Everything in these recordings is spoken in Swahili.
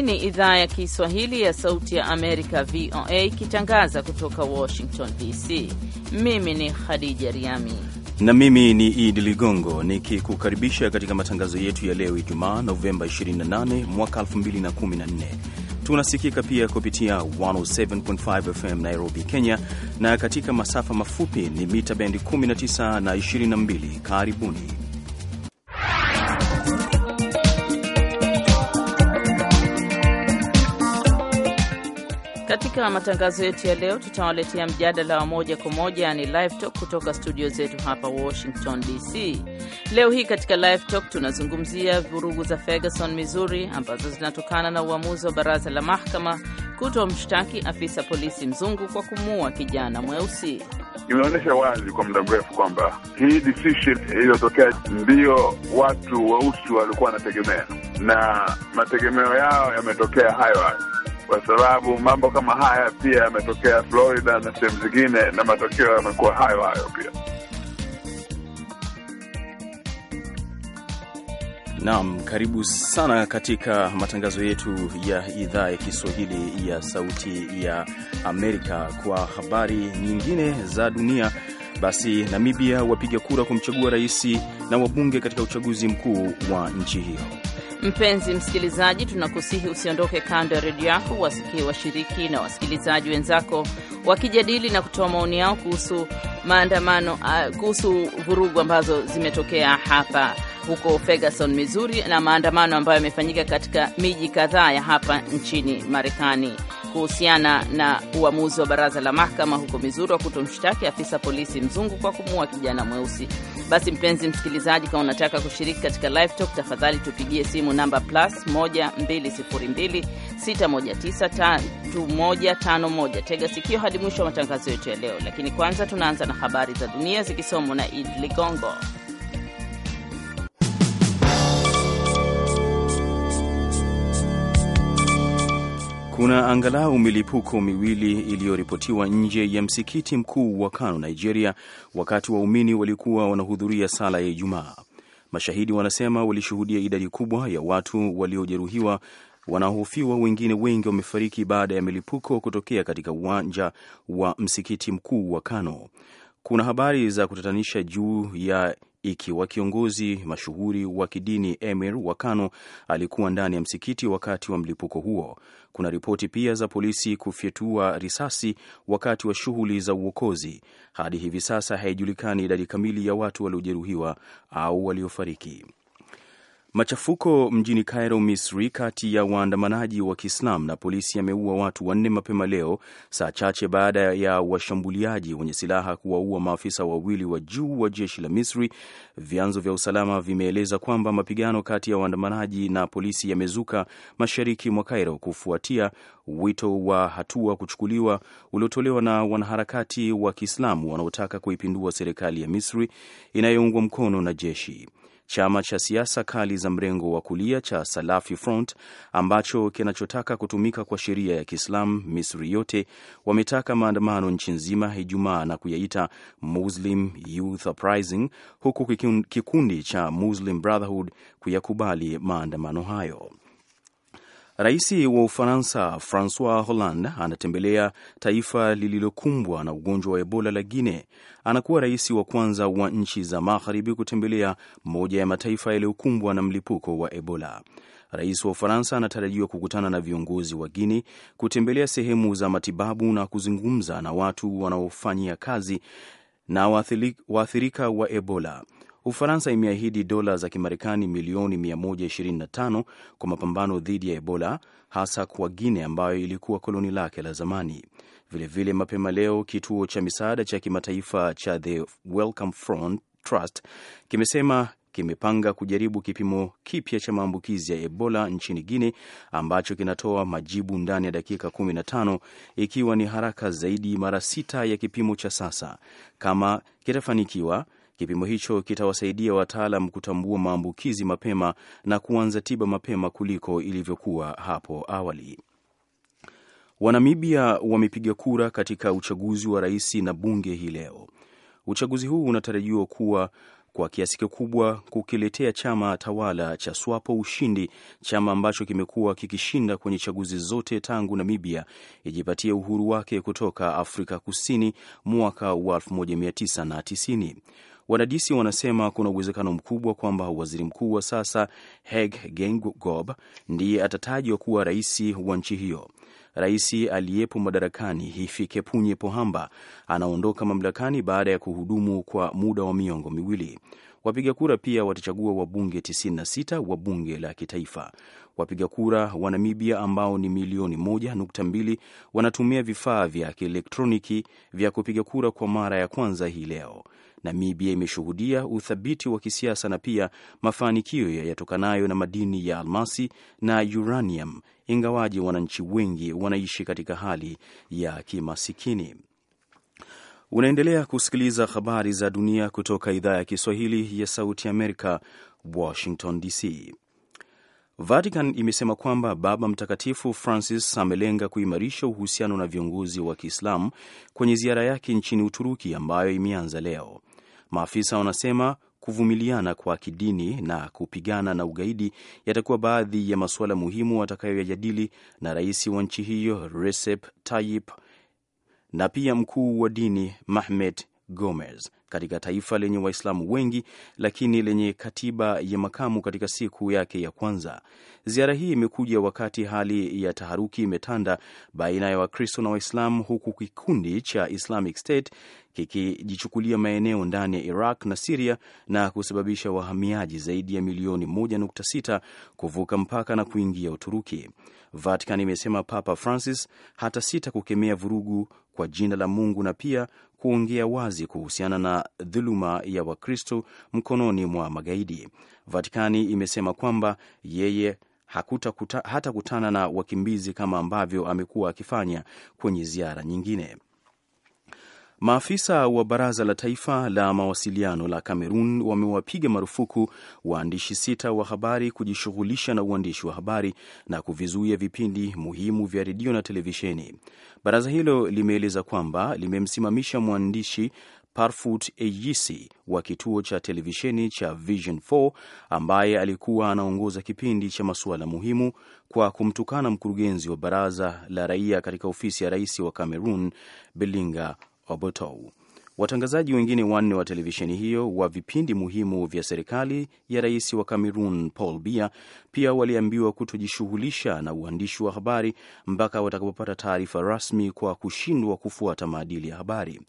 Hii ni idhaa ya Kiswahili ya Sauti ya Amerika, VOA, ikitangaza kutoka Washington DC. Mimi ni Khadija Riami na mimi ni Idi Ligongo nikikukaribisha katika matangazo yetu ya leo Ijumaa, Novemba 28 mwaka 2014. Tunasikika pia kupitia 107.5 FM Nairobi, Kenya, na katika masafa mafupi ni mita bendi 19 na 22. Karibuni. Katika matangazo yetu ya leo, tutawaletea mjadala wa moja kwa moja, yani live talk, kutoka studio zetu hapa Washington DC. Leo hii katika live talk tunazungumzia vurugu za Ferguson, Missouri, ambazo zinatokana na uamuzi wa baraza la mahakama mshtaki afisa polisi mzungu kwa kumuua kijana mweusi. Imeonyesha wazi kwa muda mrefu kwamba hii decision iliyotokea ndiyo watu weusi walikuwa wanategemea, na mategemeo yao yametokea hayo hayo kwa sababu mambo kama haya pia yametokea Florida na sehemu zingine, na matokeo yamekuwa hayo hayo pia. Naam, karibu sana katika matangazo yetu ya idhaa ya Kiswahili ya Sauti ya Amerika. Kwa habari nyingine za dunia, basi Namibia wapiga kura kumchagua rais na wabunge katika uchaguzi mkuu wa nchi hiyo. Mpenzi msikilizaji, tunakusihi usiondoke kando ya redio yako, wasikie washiriki na wasikilizaji wenzako wakijadili na kutoa maoni yao kuhusu maandamano, ah, kuhusu vurugu ambazo zimetokea hapa huko Ferguson, Missouri, na maandamano ambayo yamefanyika katika miji kadhaa ya hapa nchini Marekani kuhusiana na uamuzi wa baraza la mahakama huko Mizuri wa kutomshtaki afisa polisi mzungu kwa kumuua kijana mweusi. Basi mpenzi msikilizaji, kama unataka kushiriki katika live talk, tafadhali tupigie simu namba plus 12026193151. Tega sikio hadi mwisho wa matangazo yetu ya leo, lakini kwanza tunaanza na habari za dunia zikisomwa na Id Ligongo. Kuna angalau milipuko miwili iliyoripotiwa nje ya msikiti mkuu wa Kano, Nigeria, wakati waumini walikuwa wanahudhuria sala ya Ijumaa. Mashahidi wanasema walishuhudia idadi kubwa ya watu waliojeruhiwa wanahofiwa wengine wengi wamefariki baada ya milipuko kutokea katika uwanja wa msikiti mkuu wa Kano. Kuna habari za kutatanisha juu ya ikiwa kiongozi mashuhuri wa kidini Emir wa Kano alikuwa ndani ya msikiti wakati wa mlipuko huo. Kuna ripoti pia za polisi kufyatua risasi wakati wa shughuli za uokozi. Hadi hivi sasa haijulikani idadi kamili ya watu waliojeruhiwa au waliofariki. Machafuko mjini Cairo, Misri, kati ya waandamanaji wa Kiislam na polisi yameua watu wanne mapema leo, saa chache baada ya washambuliaji wenye silaha kuwaua maafisa wawili wa juu wa jeshi la Misri. Vyanzo vya usalama vimeeleza kwamba mapigano kati ya waandamanaji na polisi yamezuka mashariki mwa Cairo kufuatia wito wa hatua kuchukuliwa uliotolewa na wanaharakati wa Kiislamu wanaotaka kuipindua serikali ya Misri inayoungwa mkono na jeshi. Chama cha siasa kali za mrengo wa kulia cha Salafi Front ambacho kinachotaka kutumika kwa sheria ya Kiislamu Misri yote wametaka maandamano nchi nzima Ijumaa na kuyaita Muslim Youth Uprising, huku kikundi cha Muslim Brotherhood kuyakubali maandamano hayo. Rais wa Ufaransa Francois Hollande anatembelea taifa lililokumbwa na ugonjwa wa Ebola la guine Anakuwa rais wa kwanza wa nchi za magharibi kutembelea moja ya mataifa yaliyokumbwa na mlipuko wa Ebola. Rais wa Ufaransa anatarajiwa kukutana na viongozi wa Guinea, kutembelea sehemu za matibabu na kuzungumza na watu wanaofanyia kazi na waathirika wa Ebola. Ufaransa imeahidi dola za Kimarekani milioni 125 kwa mapambano dhidi ya Ebola, hasa kwa Guine ambayo ilikuwa koloni lake la zamani. Vilevile vile mapema leo kituo cha misaada cha kimataifa cha The Wellcome Front Trust kimesema kimepanga kujaribu kipimo kipya cha maambukizi ya Ebola nchini guine ambacho kinatoa majibu ndani ya dakika 15 ikiwa ni haraka zaidi mara sita ya kipimo cha sasa. Kama kitafanikiwa, Kipimo hicho kitawasaidia wataalam kutambua maambukizi mapema na kuanza tiba mapema kuliko ilivyokuwa hapo awali. Wanamibia wamepiga kura katika uchaguzi wa rais na bunge hii leo. Uchaguzi huu unatarajiwa kuwa kwa kiasi kikubwa kukiletea chama tawala cha SWAPO ushindi, chama ambacho kimekuwa kikishinda kwenye chaguzi zote tangu Namibia ijipatia uhuru wake kutoka Afrika Kusini mwaka wa 1990. Wadadisi wanasema kuna uwezekano mkubwa kwamba waziri mkuu wa sasa Heg Gengob ndiye atatajwa kuwa rais wa nchi hiyo. Rais aliyepo madarakani Hifikepunye Pohamba anaondoka mamlakani baada ya kuhudumu kwa muda wa miongo miwili. Wapiga kura pia watachagua wabunge 96 wa bunge la kitaifa. Wapiga kura wa Namibia ambao ni milioni 1.2 wanatumia vifaa vya kielektroniki vya kupiga kura kwa mara ya kwanza hii leo. Namibia imeshuhudia uthabiti wa kisiasa na pia mafanikio yatokanayo na madini ya almasi na uranium, ingawaji wananchi wengi wanaishi katika hali ya kimasikini. Unaendelea kusikiliza habari za dunia kutoka idhaa ya Kiswahili ya Sauti Amerika, Washington DC. Vatican imesema kwamba Baba Mtakatifu Francis amelenga kuimarisha uhusiano na viongozi wa Kiislamu kwenye ziara yake nchini Uturuki ambayo imeanza leo. Maafisa wanasema kuvumiliana kwa kidini na kupigana na ugaidi yatakuwa baadhi ya masuala muhimu atakayoyajadili na rais wa nchi hiyo Recep Tayyip na pia mkuu wa dini Mahmed Gomez katika taifa lenye Waislamu wengi lakini lenye katiba ya makamu katika siku yake ya kwanza. Ziara hii imekuja wakati hali ya taharuki imetanda baina ya Wakristo na Waislamu, huku kikundi cha Islamic State kikijichukulia maeneo ndani ya Iraq na Siria na kusababisha wahamiaji zaidi ya milioni 1.6 kuvuka mpaka na kuingia Uturuki. Vatican imesema Papa Francis hata sita kukemea vurugu kwa jina la Mungu na pia kuongea wazi kuhusiana na dhuluma ya Wakristo mkononi mwa magaidi. Vatikani imesema kwamba yeye hata kutana na wakimbizi kama ambavyo amekuwa akifanya kwenye ziara nyingine. Maafisa wa Baraza la Taifa la Mawasiliano la Kamerun wamewapiga marufuku waandishi sita wa habari kujishughulisha na uandishi wa habari na kuvizuia vipindi muhimu vya redio na televisheni. Baraza hilo limeeleza kwamba limemsimamisha mwandishi Parfut Eyisi wa kituo cha televisheni cha Vision 4 ambaye alikuwa anaongoza kipindi cha masuala muhimu kwa kumtukana mkurugenzi wa baraza la raia katika ofisi ya rais wa Cameroon Belinga Obotou. Watangazaji wengine wanne wa televisheni hiyo wa vipindi muhimu vya serikali ya rais wa Kamerun Paul Biya pia waliambiwa kutojishughulisha na uandishi wa habari mpaka watakapopata taarifa rasmi kwa kushindwa kufuata maadili ya habari.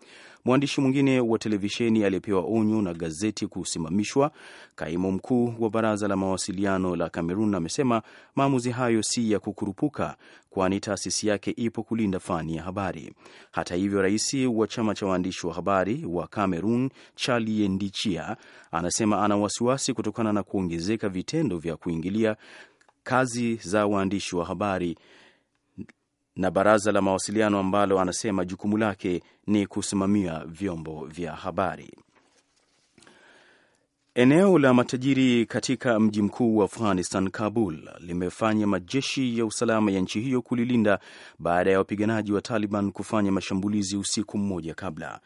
Mwandishi mwingine wa televisheni aliyepewa onyo na gazeti kusimamishwa, kaimu mkuu wa baraza la mawasiliano la Kamerun, amesema maamuzi hayo si ya kukurupuka, kwani taasisi yake ipo kulinda fani ya habari. Hata hivyo, rais wa chama cha waandishi wa habari wa Kamerun, Charlie Ndichia, anasema ana wasiwasi kutokana na kuongezeka vitendo vya kuingilia kazi za waandishi wa habari na baraza la mawasiliano ambalo anasema jukumu lake ni kusimamia vyombo vya habari. Eneo la matajiri katika mji mkuu wa Afghanistan, Kabul, limefanya majeshi ya usalama ya nchi hiyo kulilinda baada ya wapiganaji wa Taliban kufanya mashambulizi usiku mmoja kabla.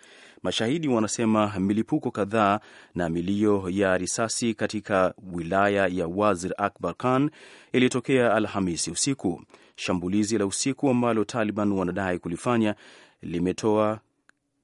Mashahidi wanasema milipuko kadhaa na milio ya risasi katika wilaya ya Wazir Akbar Khan ilitokea Alhamisi usiku. Shambulizi la usiku ambalo Taliban wanadai kulifanya limetoa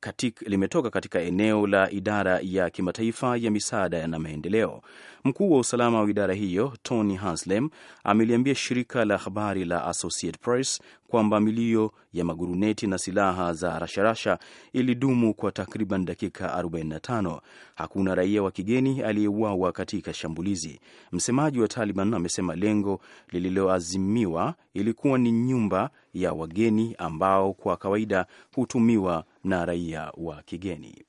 katika, limetoka katika eneo la idara ya kimataifa ya misaada na maendeleo. Mkuu wa usalama wa idara hiyo Tony Hanslem ameliambia shirika la habari la Associate Press kwamba milio ya maguruneti na silaha za rasharasha ilidumu kwa takriban dakika 45. Hakuna raia wa kigeni aliyeuawa katika shambulizi. Msemaji wa Taliban amesema lengo lililoazimiwa ilikuwa ni nyumba ya wageni ambao kwa kawaida hutumiwa na raia wa kigeni.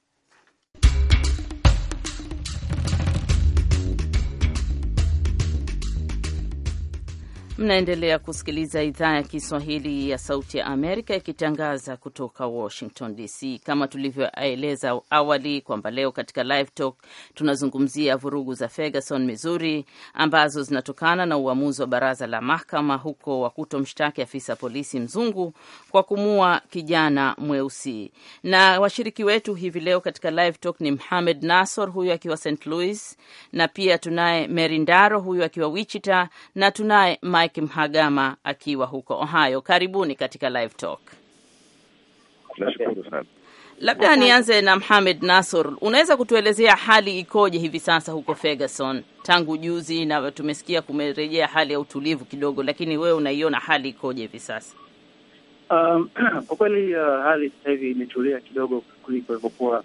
Mnaendelea kusikiliza idhaa ya Kiswahili ya Sauti ya Amerika ikitangaza kutoka Washington DC. Kama tulivyoeleza awali kwamba leo katika Live Talk tunazungumzia vurugu za Ferguson, Missouri, ambazo zinatokana na uamuzi wa baraza la mahakama huko wa kutomshtaki afisa polisi mzungu kwa kumua kijana mweusi. Na washiriki wetu hivi leo katika Live Talk ni Mhamed Nasor, huyu akiwa St Louis, na pia tunaye Merindaro, huyu akiwa Wichita, na tunaye Mike Mhagama akiwa huko Ohio. Karibuni katika Live Talk. Labda nianze na Mohamed Nasor, unaweza kutuelezea hali ikoje hivi sasa huko Ferguson tangu juzi, na tumesikia kumerejea hali ya utulivu kidogo, lakini wewe unaiona hali ikoje hivi sasa? Um, kwa kweli uh, hali sasa hivi imetulia kidogo kuliko ilivyokuwa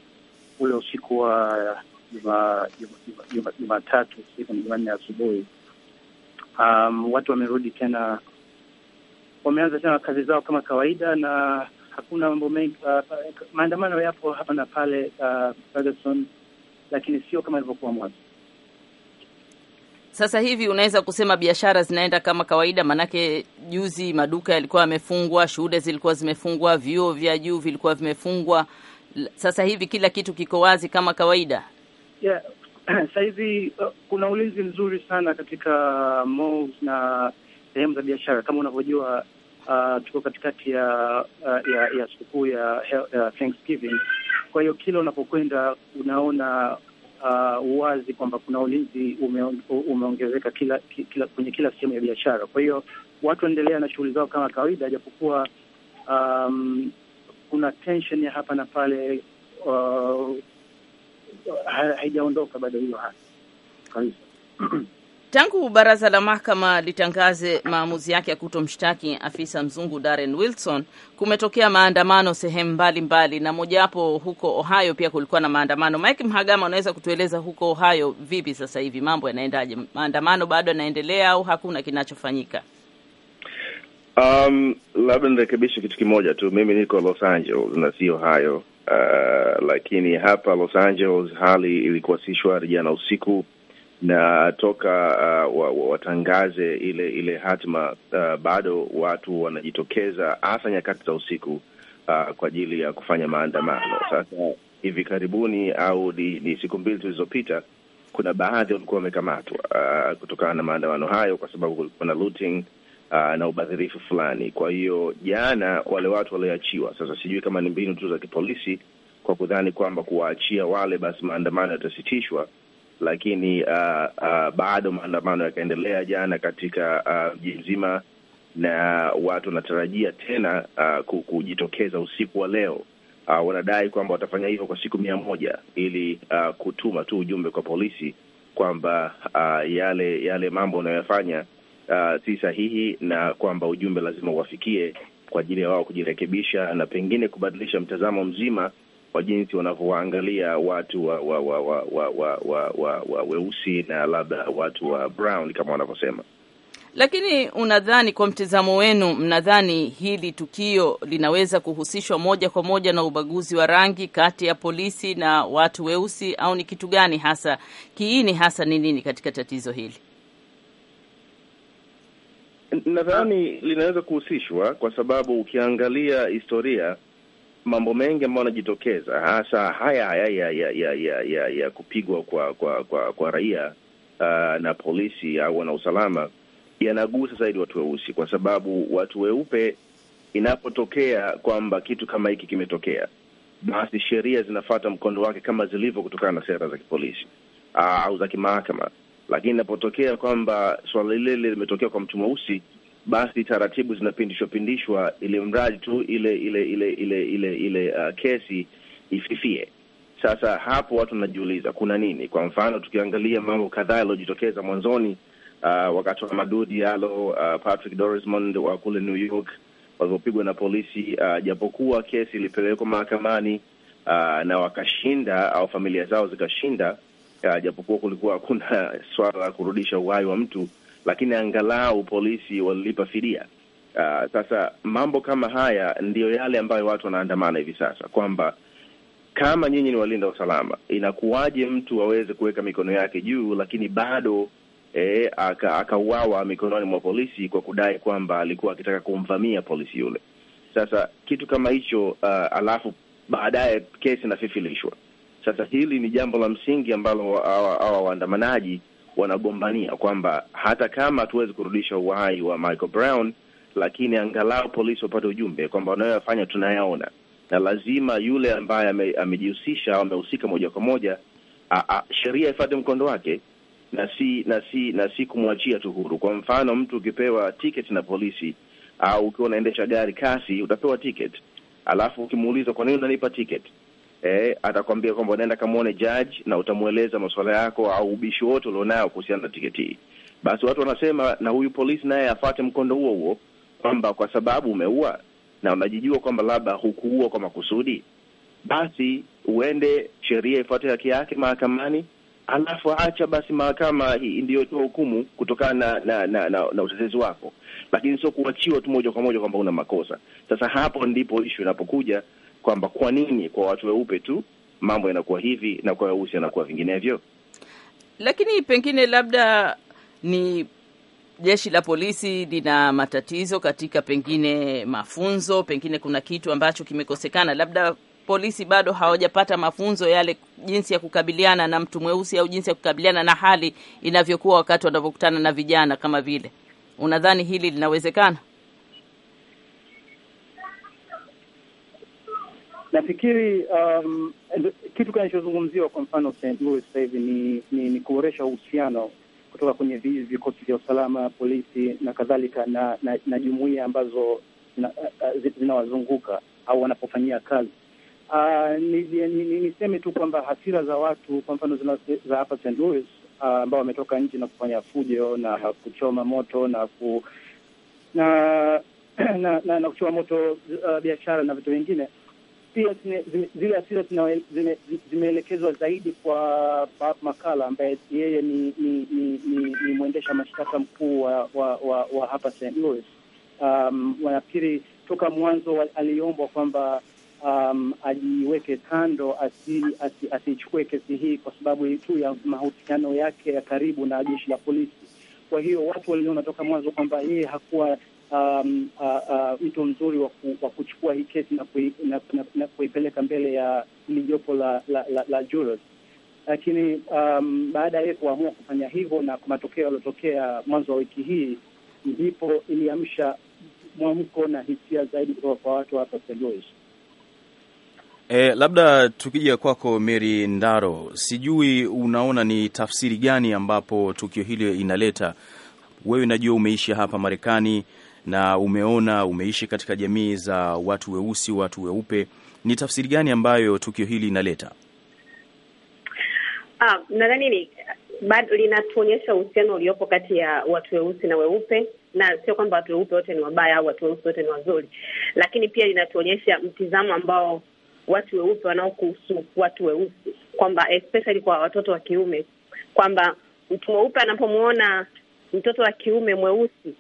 ule usiku wa uh, Jumatatu siku Jumanne asubuhi um, watu wamerudi tena, wameanza tena kazi zao kama kawaida, na hakuna mambo mengi. Uh, maandamano yapo hapa na pale uh, Ferguson, lakini sio kama ilivyokuwa mwanzo. Sasa hivi unaweza kusema biashara zinaenda kama kawaida, maanake juzi maduka yalikuwa yamefungwa, shule zilikuwa zimefungwa, vyuo vya juu vilikuwa vimefungwa. Sasa hivi kila kitu kiko wazi kama kawaida. Yeah, sahizi uh, kuna ulinzi mzuri sana katika uh, malls na sehemu za biashara kama unavyojua. Uh, tuko katikati ya uh, ya, ya sikukuu ya, uh, Thanksgiving. Kwa hiyo kila unapokwenda unaona uh, uwazi kwamba kuna ulinzi ume, umeongezeka kila, kila, kwenye kila sehemu ya biashara. Kwa hiyo watu wanaendelea na shughuli zao kama kawaida, japokuwa um, kuna tension ya hapa na pale uh, haijaondoka bado hiyo hasa kabisa. Tangu baraza la mahakama litangaze maamuzi yake ya kutomshtaki afisa mzungu Darren Wilson, kumetokea maandamano sehemu mbalimbali, na mojawapo huko Ohio pia kulikuwa na maandamano. Mike Mhagama, unaweza kutueleza huko Ohio vipi sasa hivi mambo yanaendaje? Maandamano bado yanaendelea au hakuna kinachofanyika? Um, labda nirekebishe kitu kimoja tu, mimi niko Los Angeles na si Ohio. Uh, lakini hapa Los Angeles hali ilikuasishwa jana usiku na toka uh, watangaze ile ile hatima uh, bado watu wanajitokeza hasa nyakati za usiku uh, kwa ajili ya kufanya maandamano. Sasa hivi karibuni au ni, ni siku mbili zilizopita, kuna baadhi walikuwa wamekamatwa uh, kutokana na maandamano hayo, kwa sababu kulikuwa na looting uh, na ubadhirifu fulani. Kwa hiyo jana wale watu walioachiwa, sasa sijui kama ni mbinu tu za kipolisi kwa kudhani kwamba kuwaachia wale basi maandamano yatasitishwa, lakini uh, uh, bado maandamano yakaendelea jana katika uh, mji uh, mzima, na watu wanatarajia tena uh, kujitokeza usiku wa leo. Uh, wanadai kwamba watafanya hivyo kwa siku mia moja ili uh, kutuma tu ujumbe kwa polisi kwamba uh, yale yale mambo wanayoyafanya uh, si sahihi na kwamba ujumbe lazima uwafikie kwa ajili ya wao kujirekebisha na pengine kubadilisha mtazamo mzima wa jinsi wanavyowaangalia watu wa wa wa wa wa wa wa wa wa weusi na labda watu wa brown kama wanavyosema. Lakini unadhani, kwa mtazamo wenu, mnadhani hili tukio linaweza kuhusishwa moja kwa moja na ubaguzi wa rangi kati ya polisi na watu weusi, au ni kitu gani hasa, kiini hasa ni nini katika tatizo hili? Nadhani linaweza kuhusishwa kwa sababu ukiangalia historia, mambo mengi ambayo yanajitokeza hasa haya haya ya ya ya ya, ya, ya kupigwa kwa kwa kwa, kwa raia uh, na polisi au wanausalama yanagusa zaidi watu weusi, kwa sababu watu weupe, inapotokea kwamba kitu kama hiki kimetokea, basi sheria zinafata mkondo wake kama zilivyo, kutokana na sera za kipolisi uh, au za kimahakama lakini inapotokea kwamba suala lile lile limetokea kwa mtu mweusi, basi taratibu zinapindishwa pindishwa, ili mradi tu ile ile ile ile ile ile uh, kesi ififie. Sasa hapo watu wanajiuliza kuna nini? Kwa mfano tukiangalia mambo kadhaa yaliyojitokeza mwanzoni, uh, wakati wa madudi alo uh, Patrick Dorismond wa kule New York walivyopigwa na polisi, uh, japokuwa kesi ilipelekwa mahakamani uh, na wakashinda au familia zao zikashinda japokuwa kulikuwa hakuna swala la kurudisha uhai wa mtu, lakini angalau polisi walilipa fidia. Uh, sasa mambo kama haya ndiyo yale ambayo watu wanaandamana hivi sasa kwamba kama nyinyi ni walinda usalama, inakuwaje mtu aweze kuweka mikono yake juu lakini bado eh, akauawa aka mikononi mwa polisi kwa kudai kwamba alikuwa akitaka kumvamia polisi yule? Sasa kitu kama hicho uh, alafu baadaye kesi inafifilishwa. Sasa hili ni jambo la msingi ambalo hawa waandamanaji wanagombania kwamba hata kama hatuwezi kurudisha uhai wa Michael Brown, lakini angalau polisi wapate ujumbe kwamba wanayoyafanya tunayaona, na lazima yule ambaye amejihusisha au amehusika moja kwa moja, sheria ifate mkondo wake na si na si na si kumwachia tu huru. Kwa mfano, mtu ukipewa tiketi na polisi au ukiwa unaendesha gari kasi, utapewa tiketi, alafu ukimuuliza kwa nini unanipa tiketi, eh, atakwambia kwamba unaenda kamwone judge na utamweleza masuala yako au ubishi wote ulionayo kuhusiana na tiketi hii. Basi watu wanasema na huyu polisi naye afate mkondo huo huo, kwamba kwa sababu umeua na unajijua kwamba labda hukuua kwa makusudi, basi uende sheria ifuate haki yake mahakamani, alafu acha basi mahakama ndiyo toa hukumu kutokana na, na, na, na utetezi wako, lakini sio kuachiwa tu moja kwa moja kwamba una makosa. Sasa hapo ndipo ishu inapokuja kwamba kwa nini kwa watu weupe tu mambo yanakuwa hivi na kwa weusi yanakuwa vinginevyo. Lakini pengine labda ni jeshi la polisi lina matatizo katika pengine mafunzo, pengine kuna kitu ambacho kimekosekana, labda polisi bado hawajapata mafunzo yale, jinsi ya kukabiliana na mtu mweusi au jinsi ya kukabiliana na hali inavyokuwa wakati wanavyokutana na vijana kama vile. Unadhani hili linawezekana? Nafikiri um, kitu kinachozungumziwa kwa mfano St. Louis sasa hivi ni, ni, ni kuboresha uhusiano kutoka kwenye vikosi vya usalama, polisi na kadhalika na, na, na jumuia ambazo uh, uh, zinawazunguka au wanapofanyia kazi. Uh, niseme ni, ni, ni tu kwamba hasira za watu kwa mfano za hapa St. Louis uh, ambao uh, wametoka nchi na kufanya fujo na kuchoma moto na ku, na, na, na, na kuchoma moto uh, biashara na vitu vingine pia zile hasira zimeelekezwa zaidi kwa Bob Makala ambaye yeye ni ni, ni, ni, ni mwendesha mashtaka mkuu wa, wa, wa, wa hapa St. Louis. Um, wanafikiri toka mwanzo aliombwa kwamba um, ajiweke kando asichukue asi, asi kesi hii kwa sababu tu ya mahusiano yake ya karibu na jeshi la polisi. Kwa hiyo watu waliona toka mwanzo kwamba yeye hakuwa um, uh, uh, mto mzuri wa waku, kuchukua hii kesi na, kui, na, na, na kuipeleka mbele ya hili jopo la, la, la, la jurors lakini um, baada ya yeye kuamua kufanya hivyo na kwa matokeo yaliyotokea mwanzo wa wiki hii, ndipo iliamsha mwamko na hisia zaidi kutoka kwa watu wa hapa St. Louis. E, labda tukija kwako Mary Ndaro, sijui unaona ni tafsiri gani ambapo tukio hili inaleta. Wewe najua umeishi hapa Marekani na umeona, umeishi katika jamii za watu weusi, watu weupe, ni tafsiri gani ambayo tukio hili inaleta? Ah, nadhani ni bado linatuonyesha uhusiano uliopo kati ya watu weusi na weupe, na sio kwamba watu weupe wote ni wabaya au watu weusi wote ni wazuri, lakini pia linatuonyesha mtizamo ambao watu weupe wanaokuhusu watu weusi, kwamba especially kwa watoto wa kiume, kwamba mtu mweupe anapomwona mtoto wa kiume mweusi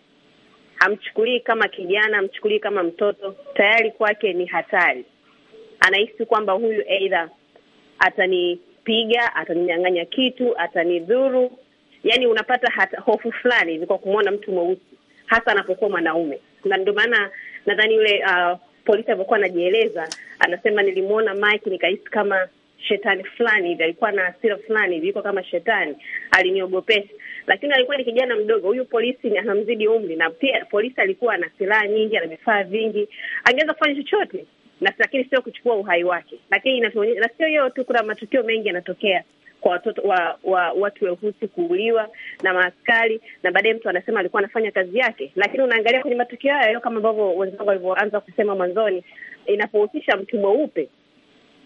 hamchukulii kama kijana, hamchukulii kama mtoto, tayari kwake ni hatari. Anahisi kwamba huyu aidha atanipiga, ataninyang'anya kitu, atanidhuru. Yani unapata hata hofu fulani hivi kwa kumwona mtu mweusi, hasa anapokuwa mwanaume, na ndio maana nadhani yule uh, polisi alivyokuwa anajieleza, anasema nilimwona Mike nikahisi kama shetani fulani hivi, alikuwa na hasira fulani hivi, iko kama shetani, aliniogopesha lakini alikuwa ni kijana mdogo. Huyu polisi anamzidi umri, na pia polisi alikuwa ana silaha nyingi, ana vifaa vingi, angeweza kufanya chochote na lakini sio kuchukua uhai wake. Lakini na sio hiyo tu, kuna matukio mengi yanatokea kwa watoto wa, wa watu weusi kuuliwa na maaskari, na baadaye mtu anasema alikuwa anafanya kazi yake, lakini unaangalia kwenye matukio hayo, kama ambavyo wenzangu walivyoanza kusema mwanzoni, inapohusisha mtu mweupe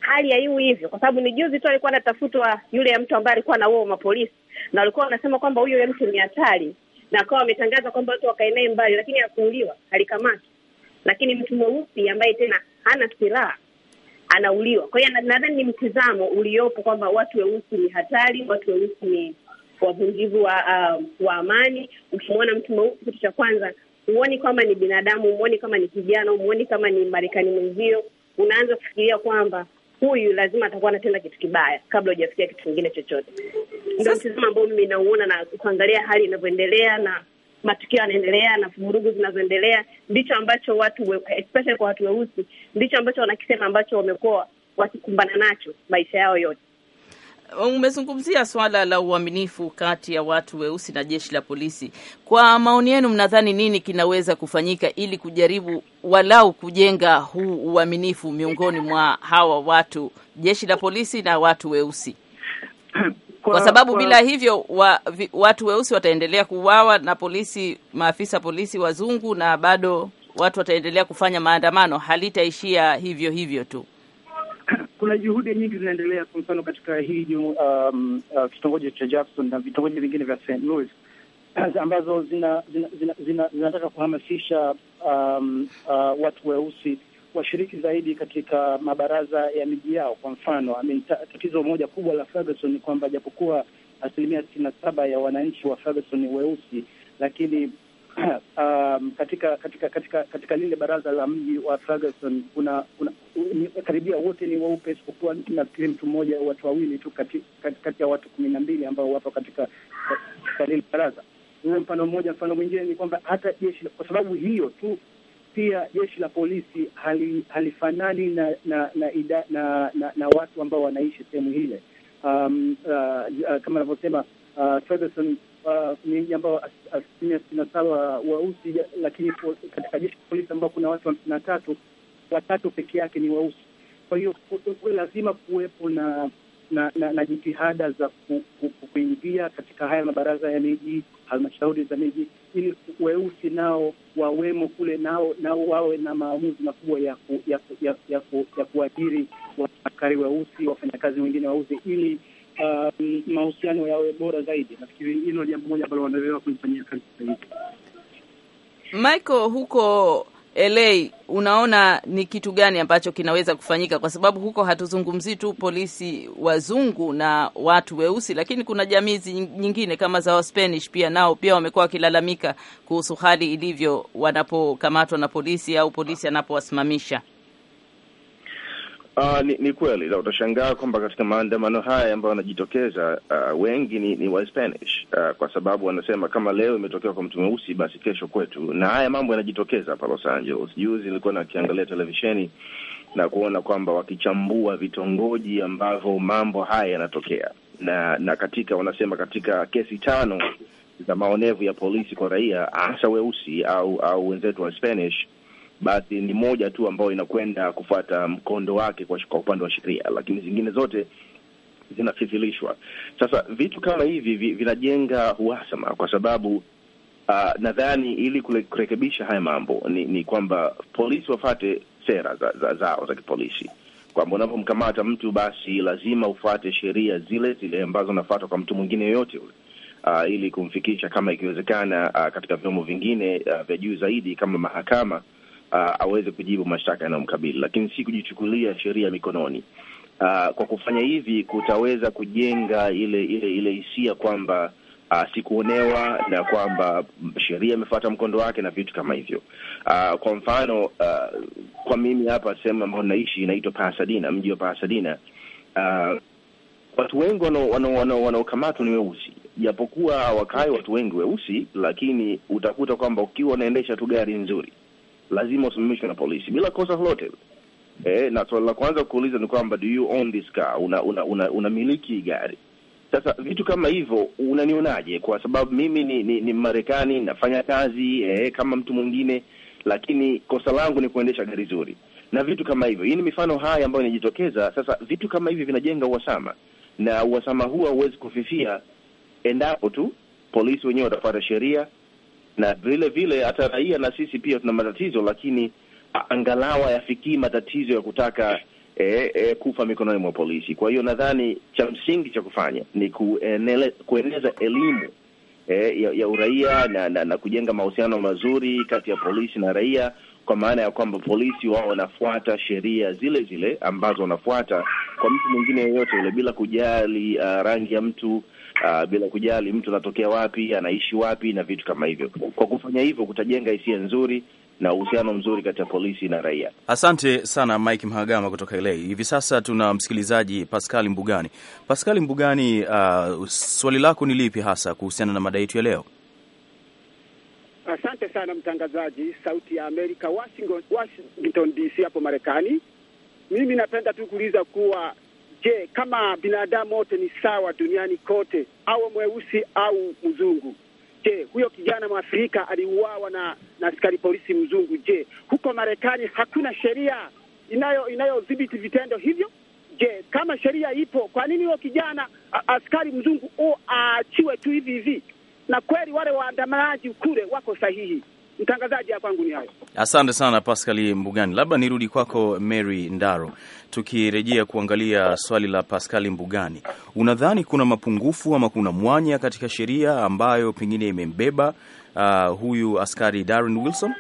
hali ya juu hivyo, kwa sababu ni juzi tu alikuwa anatafutwa yule mtu ambaye alikuwa na uo mapolisi, na walikuwa wanasema kwamba huyo mtu ni hatari, na akawa wametangaza kwamba watu wakae naye mbali, lakini hakuuliwa, alikamatwa. Lakini mtu mweusi ambaye tena hana silaha anauliwa. Kwa hiyo nadhani ni mtizamo uliopo kwamba watu weusi ni hatari, watu weusi ni wavunjivu wa, uh, wa amani. Ukimwona mtu mweusi, kitu cha kwanza huoni kwamba ni binadamu, huoni kama ni kijana, huoni kama ni Marekani mwenzio, unaanza kufikiria kwamba huyu lazima atakuwa anatenda kitu kibaya kabla hujafikia kitu kingine chochote. Ndio mtizamo ambao mimi nauona, na kuangalia hali inavyoendelea na matukio yanaendelea na vurugu zinazoendelea, ndicho ambacho watu especially kwa watu weusi, ndicho ambacho wanakisema ambacho wamekuwa wakikumbana nacho maisha yao yote umezungumzia swala la uaminifu kati ya watu weusi na jeshi la polisi. Kwa maoni yenu, mnadhani nini kinaweza kufanyika ili kujaribu walau kujenga huu uaminifu miongoni mwa hawa watu, jeshi la polisi na watu weusi? Kwa, kwa sababu kwa... bila hivyo wa, vi, watu weusi wataendelea kuuawa na polisi, maafisa polisi wazungu, na bado watu wataendelea kufanya maandamano, halitaishia hivyo hivyo tu. kuna juhudi nyingi zinaendelea, kwa mfano katika hii um, uh, kitongoji cha Jackson na vitongoji vingine vya St Louis ambazo zinataka zina, zina, zina, zina kuhamasisha um, uh, watu weusi washiriki zaidi katika mabaraza ya miji yao. Kwa mfano, tatizo moja kubwa la Ferguson ni kwamba japokuwa asilimia sitini na saba ya wananchi wa Ferguson ni weusi, lakini um, katika katika katika katika lile baraza la mji wa Ferguson kuna, kuna ni, karibia wote ni weupe isipokuwa nafikiri mtu mmoja au watu wawili tu kati, kati, kati ya watu kumi na mbili ambao wapo katika, katika lile baraza. Huo mfano mmoja. Mfano mwingine ni kwamba hata jeshi, kwa sababu hiyo tu pia jeshi la polisi hali, halifanani na na na, ida, na na na watu ambao wanaishi sehemu hile um, uh, uh, kama anavyosema uh, Ferguson ni ambao asilimia sitini na saba weusi, lakini katika jeshi la polisi ambao kuna watu hamsini na tatu watatu peke yake ni weusi. Kwa hiyo lazima kuwepo na na, na, na jitihada za ku, ku, kuingia katika haya mabaraza ya miji, halmashauri za miji, ili weusi nao wawemo kule, nao nao wawe na maamuzi makubwa ya ku, ya, ku, ya, ya, ku, ya kuajiri waaskari weusi, wafanyakazi wengine weusi ili Um, mahusiano yawe bora zaidi. Nafikiri hilo jambo moja ambalo wanaelewa kulifanyia kazi zaidi. Michael, huko LA unaona ni kitu gani ambacho kinaweza kufanyika? Kwa sababu huko hatuzungumzii tu polisi wazungu na watu weusi, lakini kuna jamii nyingine kama za Spanish pia nao pia wamekuwa wakilalamika kuhusu hali ilivyo wanapokamatwa na polisi au polisi anapowasimamisha. Uh, ni, ni kweli la utashangaa kwamba katika maandamano haya ambayo wanajitokeza uh, ah, wengi ni, ni wa Spanish uh, kwa sababu wanasema kama leo imetokea kwa mtu mweusi basi kesho kwetu, na haya mambo yanajitokeza hapa Los Angeles. Juzi nilikuwa nakiangalia televisheni na kuona kwamba wakichambua vitongoji ambavyo mambo haya yanatokea, na na katika wanasema katika kesi tano za maonevu ya polisi kwa raia hasa weusi au au wenzetu wa Spanish basi ni moja tu ambayo inakwenda kufuata mkondo wake kwa, upande wa sheria, lakini zingine zote zinafifilishwa. Sasa vitu kama hivi vinajenga uhasama kwa sababu Uh, nadhani ili kurekebisha haya mambo ni, ni kwamba polisi wafate sera za, za, zao za kipolisi, kwamba unapomkamata mtu basi lazima ufuate sheria zile zile ambazo unafuata kwa mtu mwingine yoyote ule, uh, ah, ili kumfikisha kama ikiwezekana, uh, katika vyombo vingine uh, vya juu zaidi kama mahakama uh, aweze kujibu mashtaka yanayomkabili, lakini si kujichukulia sheria mikononi. Uh, kwa kufanya hivi kutaweza kujenga ile ile ile hisia kwamba uh, sikuonewa na kwamba sheria imefuata mkondo wake na vitu kama hivyo. Uh, kwa mfano uh, kwa mimi hapa sehemu ambayo naishi inaitwa Pasadena, mji wa Pasadena uh, watu wengi wanaokamatwa ni weusi, japokuwa wakae watu wengi weusi, lakini utakuta kwamba ukiwa unaendesha tu gari nzuri lazima usimamishwe na polisi bila kosa lolote. Eh, na swali la kwanza kuuliza ni kwamba do you own this car, unamiliki una, una, una gari. Sasa vitu kama hivyo unanionaje? Kwa sababu mimi ni, ni, ni Marekani, nafanya kazi eh, kama mtu mwingine, lakini kosa langu ni kuendesha gari zuri na vitu kama hivyo. Hii ni mifano haya ambayo inajitokeza. Sasa vitu kama hivi vinajenga uhasama, na uhasama huo hauwezi kufifia endapo tu polisi wenyewe watafuata sheria na vile vile hata raia na sisi pia tuna matatizo, lakini angalau hayafikii matatizo ya kutaka E, e, kufa mikononi mwa polisi. Kwa hiyo nadhani cha msingi cha kufanya ni kuenele, kueneza elimu e, ya, ya uraia na, na, na kujenga mahusiano mazuri kati ya polisi na raia, kwa maana ya kwamba polisi wao wanafuata sheria zile zile ambazo wanafuata kwa mtu mwingine yeyote ule bila kujali uh, rangi ya mtu uh, bila kujali mtu anatokea wapi, anaishi wapi na vitu kama hivyo. Kwa kufanya hivyo kutajenga hisia nzuri na uhusiano mzuri kati ya polisi na raia. Asante sana Mike Mhagama kutoka LA. Hivi sasa tuna msikilizaji Pascal Mbugani. Pascal Mbugani, uh, swali lako ni lipi hasa kuhusiana na mada yetu ya leo? Asante sana mtangazaji, Sauti ya Amerika, Washington, Washington DC hapo Marekani. Mimi napenda tu kuuliza kuwa Je, kama binadamu wote ni sawa duniani kote, awe mweusi au mzungu? Je, huyo kijana mwafrika aliuawa na, na askari polisi mzungu? Je, huko Marekani hakuna sheria inayo inayodhibiti vitendo hivyo? Je, kama sheria ipo, kwa nini huyo kijana askari mzungu o aachiwe tu hivi hivi? Na kweli wale waandamanaji kule wako sahihi mtangazaji kwangu ni hayo. Asante sana Pascal Mbugani. Labda nirudi kwako Mary Ndaro, tukirejea kuangalia swali la Pascal Mbugani, unadhani kuna mapungufu ama kuna mwanya katika sheria ambayo pengine imembeba uh, huyu askari Darren Wilson?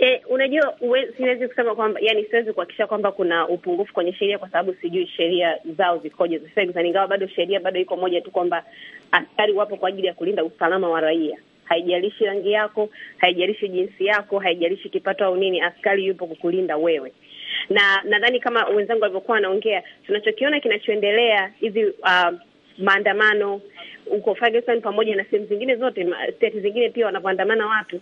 E, unajua uwe, siwezi kusema kwamba yani, siwezi kuhakikisha kwamba kuna upungufu kwenye sheria kwa sababu sijui sheria zao zikoje sasa ingawa bado sheria bado iko moja tu kwamba askari wapo kwa ajili ya kulinda usalama wa raia haijalishi rangi yako, haijalishi jinsi yako, haijalishi kipato au nini, askari yupo kukulinda wewe. Na nadhani kama wenzangu walivyokuwa wanaongea, tunachokiona kinachoendelea hizi uh, maandamano huko Ferguson pamoja na sehemu zingine zote, state zingine pia wanavyoandamana watu,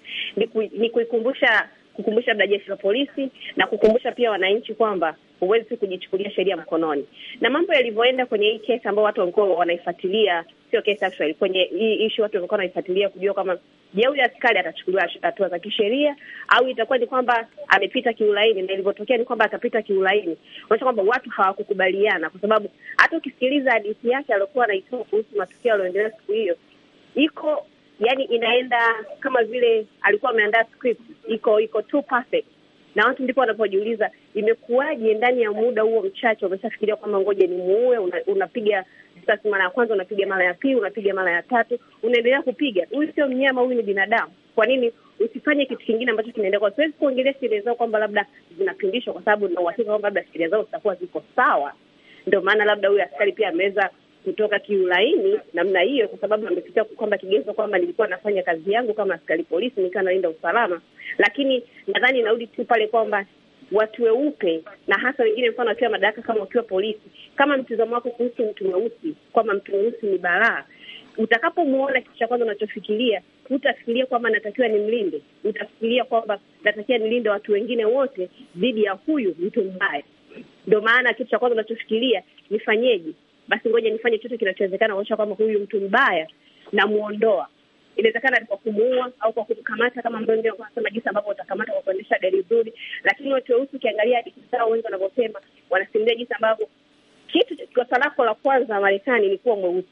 ni kuikumbusha kukumbusha labda jeshi la polisi na kukumbusha pia wananchi kwamba huwezi kujichukulia sheria mkononi. Na mambo yalivyoenda kwenye hii kesi ambayo watu walikuwa wanaifuatilia, sio kesi actually, kwenye hii issue watu walikuwa wanaifuatilia kujua kama je, huyu askari atachukuliwa hatua za kisheria au itakuwa ni kwamba amepita kiulaini, na ilivyotokea ni kwamba atapita kiulaini. Unaona kwamba watu hawakukubaliana, kwa sababu hata ukisikiliza hadithi yake aliyokuwa anaitoa kuhusu matukio yaliyoendelea siku hiyo iko yani inaenda kama vile alikuwa ameandaa script, iko iko too perfect, na watu ndipo wanapojiuliza imekuwaje ndani ya muda huo mchache wameshafikiria kwamba ngoja ni muue. Una, unapiga risasi mara ya kwanza, unapiga mara ya pili, unapiga mara ya tatu, unaendelea kupiga. Huyu sio mnyama, huyu ni binadamu. Kwa nini usifanye kitu kingine ambacho kinaendelea? Kwa siwezi kuongelea sheria zao kwamba labda zinapindishwa, kwa sababu na uhakika kwamba labda sheria zao zitakuwa ziko sawa. Ndio maana labda huyu askari pia ameweza kutoka kiulaini namna hiyo, kwa sababu amesikia kwamba kigezo kwamba nilikuwa nafanya kazi yangu kama askari polisi, nikawa nalinda usalama. Lakini nadhani narudi tu pale kwamba watu weupe na hasa wengine, mfano wakiwa madaraka kama wakiwa polisi, kama mtizamo wako kuhusu mtu mweusi kwamba mtu mweusi ni balaa, utakapomwona kitu cha kwanza unachofikiria hutafikiria kwamba natakiwa mlinde, utafikiria kwamba natakiwa nilinde watu wengine wote dhidi ya huyu mtu mbaya. Ndo maana kitu cha kwanza unachofikiria nifanyeje, basi ngoja nifanye chochote kinachowezekana kuonyesha kwamba huyu mtu mbaya namuondoa. Inawezekana ni kwa kumuua au kwa kumkamata, kama ambavyo ndio wanasema jinsi ambavyo utakamata kwa kuendesha gari nzuri. Lakini watu weusi ukiangalia hadithi zao wengi wanavyosema, wanasimulia jinsi ambavyo kitu kosa lako la kwanza Marekani ni kuwa mweusi,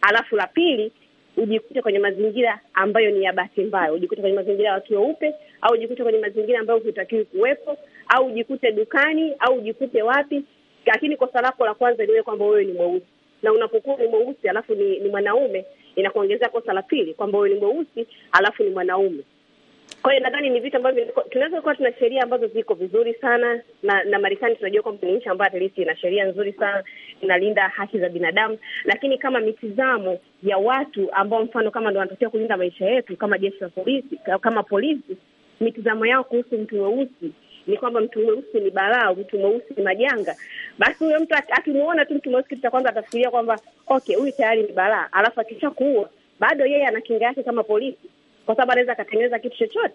alafu la pili ujikute kwenye mazingira ambayo ni ya bahati mbaya, ujikute kwenye mazingira ya watu weupe, au ujikute kwenye mazingira ambayo hutakiwi kuwepo, au ujikute dukani, au ujikute wapi, lakini kosa lako la kwanza liwe kwamba wewe ni mweusi, na unapokuwa ni mweusi alafu ni, ni mwanaume inakuongezea kosa la pili kwamba wewe ni mweusi alafu ni mwanaume. Kwa hiyo nadhani ni vitu ambavyo tunaweza kuwa tuna sheria ambazo ziko vizuri sana, na na Marekani tunajua kwamba ni nchi ambayo atlisi ina sheria nzuri sana, inalinda haki za binadamu, lakini kama mitizamo ya watu ambao mfano kama ndo wanatokea kulinda maisha yetu, kama jeshi la polisi, kama polisi, mitizamo yao kuhusu mtu weusi ni kwamba mtu mweusi ni balaa, mtu mweusi ni majanga, basi huyo mtu akimuona tu mtu mweusi, kitu cha kwanza atafikiria kwamba okay, huyu tayari ni balaa, alafu akisha kuua bado yeye ana kinga yake kama polisi, kwa sababu anaweza akatengeneza kitu chochote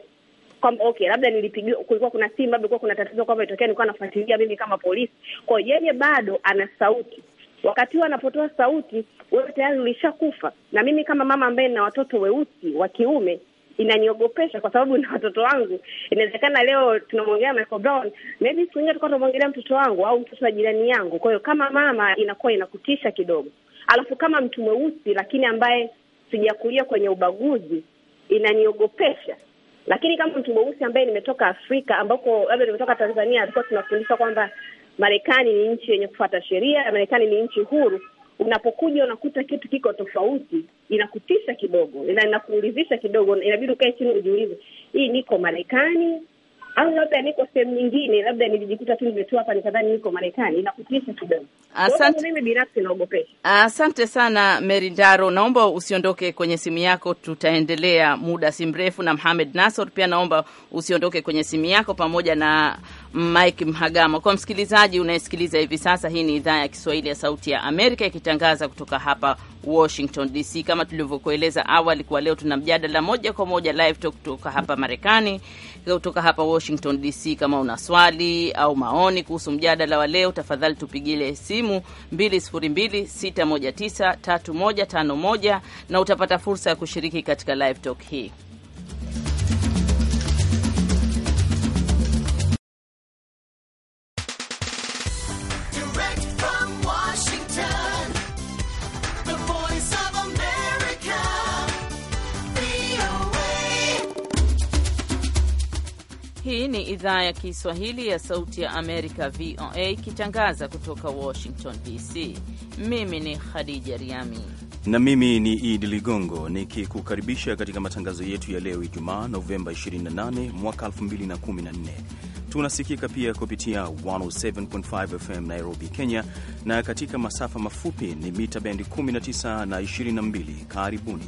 kwamba okay, labda nilipigiwa, kulikuwa kuna simu, labda kulikuwa kuna tatizo kwamba itokea, nilikuwa nafuatilia mimi kama polisi. Kwa hiyo yeye bado ana sauti wakati huo anapotoa sauti, wewe tayari ulishakufa. Na mimi kama mama ambaye nina watoto weusi wa kiume, inaniogopesha kwa sababu na watoto wangu. Inawezekana leo tunamwongelea Michael Brown, maybe siku nyingine tulikuwa tunamwongelea mtoto wangu au mtoto wa jirani yangu. Kwa hiyo kama mama, inakuwa inakutisha kidogo, alafu kama mtu mweusi lakini ambaye sijakulia kwenye ubaguzi, inaniogopesha lakini kama mtu mweusi ambaye nimetoka Afrika ambako labda nimetoka Tanzania, tulikuwa tunafundishwa kwamba Marekani ni nchi yenye kufuata sheria, Marekani ni nchi huru unapokuja unakuta kitu kiko tofauti, inakutisha kidogo, ina inakuulizisha kidogo, inabidi ukae chini ujiulize, hii niko Marekani au labda niko sehemu nyingine, labda nilijikuta tu nimetoa hapa nikadhani niko Marekani, inakutisha kidogo. Asante, mimi binafsi naogopesha. Asante sana Mary Ndaro, naomba usiondoke kwenye simu yako, tutaendelea muda si mrefu na Mohamed Nasor pia, naomba usiondoke kwenye simu yako pamoja na Mike Mhagama. Kwa msikilizaji unayesikiliza hivi sasa, hii ni idhaa ya Kiswahili ya Sauti ya Amerika ikitangaza kutoka hapa Washington DC. Kama tulivyokueleza awali, kwa leo tuna mjadala moja kwa moja live talk kutoka hapa Marekani kutoka hapa Washington DC. Kama una swali au maoni kuhusu mjadala wa leo, tafadhali tupigile simu 3151 na utapata fursa ya kushiriki katika live talk hii. ni idhaa ya Kiswahili ya Sauti ya Amerika, VOA, ikitangaza kutoka Washington DC. Mimi ni Khadija Riami na mimi ni Idi Ligongo nikikukaribisha katika matangazo yetu ya leo Ijumaa, Novemba 28 mwaka 2014. Tunasikika pia kupitia 107.5 FM Nairobi, Kenya, na katika masafa mafupi ni mita bendi 19 na 22. Karibuni.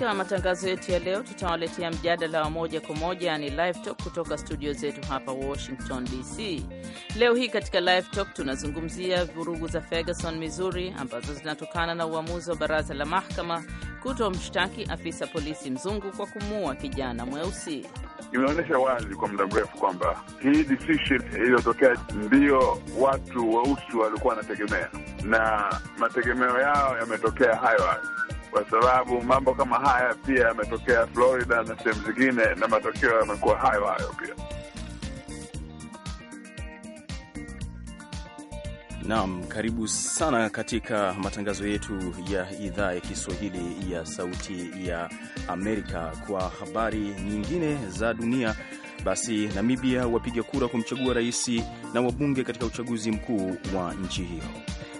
Katika matangazo yetu ya leo, tutawaletea mjadala wa moja kwa moja, yani live talk, kutoka studio zetu hapa Washington DC. Leo hii katika live talk tunazungumzia vurugu za Ferguson, Missouri, ambazo zinatokana na uamuzi wa baraza la mahakama kutomshtaki afisa polisi mzungu kwa kumuua kijana mweusi. Imeonyesha wazi kwa muda mrefu kwamba hii decision iliyotokea ndiyo watu weusi walikuwa wanategemea, na mategemeo yao yametokea hayo hayo kwa sababu mambo kama haya pia yametokea Florida na sehemu zingine, na matokeo yamekuwa hayo hayo pia. Naam, karibu sana katika matangazo yetu ya idhaa ya Kiswahili ya Sauti ya Amerika. Kwa habari nyingine za dunia, basi Namibia wapiga kura kumchagua rais na wabunge katika uchaguzi mkuu wa nchi hiyo.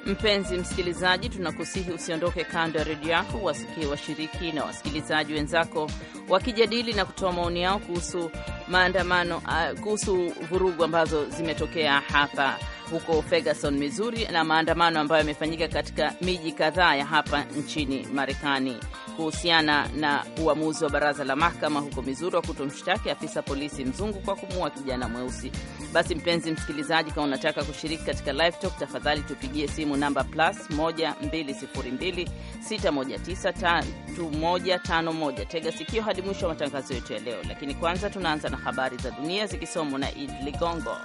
Mpenzi msikilizaji, tunakusihi usiondoke kando ya redio yako, wasikie washiriki na wasikilizaji wenzako wakijadili na kutoa maoni yao kuhusu maandamano, uh, kuhusu vurugu ambazo zimetokea hapa huko Ferguson, Missouri na maandamano ambayo yamefanyika katika miji kadhaa ya hapa nchini Marekani kuhusiana na uamuzi wa baraza la mahakama huko Mizuri wa kutomshtaki afisa polisi mzungu kwa kumuua kijana mweusi. Basi mpenzi msikilizaji, kama unataka kushiriki katika live talk, tafadhali tupigie simu namba plus 12026193151. Tega sikio hadi mwisho wa matangazo yetu ya leo, lakini kwanza tunaanza na habari za dunia zikisomwa na Id Ligongo.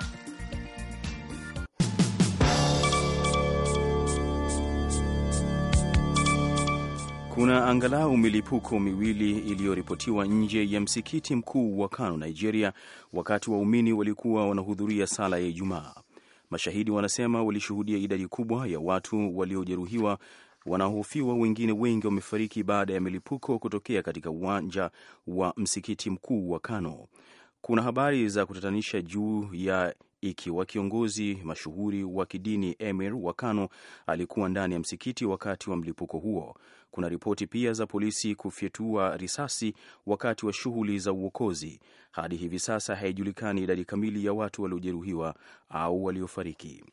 Kuna angalau milipuko miwili iliyoripotiwa nje ya msikiti mkuu wa Kano, Nigeria, wakati waumini walikuwa wanahudhuria sala ya Ijumaa. Mashahidi wanasema walishuhudia idadi kubwa ya watu waliojeruhiwa wanaohofiwa wengine wengi wamefariki baada ya milipuko kutokea katika uwanja wa msikiti mkuu wa Kano. Kuna habari za kutatanisha juu ya ikiwa kiongozi mashuhuri wa kidini Emir wa Kano alikuwa ndani ya msikiti wakati wa mlipuko huo. Kuna ripoti pia za polisi kufyatua risasi wakati wa shughuli za uokozi. Hadi hivi sasa haijulikani idadi kamili ya watu waliojeruhiwa au waliofariki.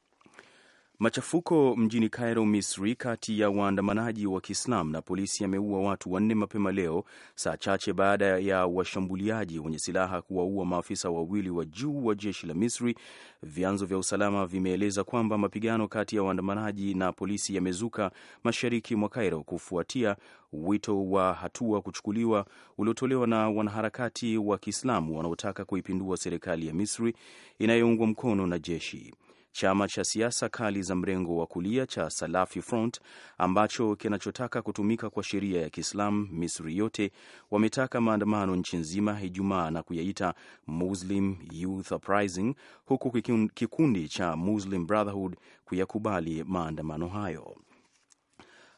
Machafuko mjini Cairo, Misri, kati ya waandamanaji wa Kiislam na polisi yameua watu wanne mapema leo, saa chache baada ya washambuliaji wenye silaha kuwaua maafisa wawili wa juu wa jeshi la Misri. Vyanzo vya usalama vimeeleza kwamba mapigano kati ya waandamanaji na polisi yamezuka mashariki mwa Cairo kufuatia wito wa hatua kuchukuliwa uliotolewa na wanaharakati wa Kiislamu wanaotaka kuipindua serikali ya Misri inayoungwa mkono na jeshi. Chama cha siasa kali za mrengo wa kulia cha Salafi Front ambacho kinachotaka kutumika kwa sheria ya Kiislamu Misri yote wametaka maandamano nchi nzima Ijumaa na kuyaita Muslim Youth Uprising, huku kikundi cha Muslim Brotherhood kuyakubali maandamano hayo.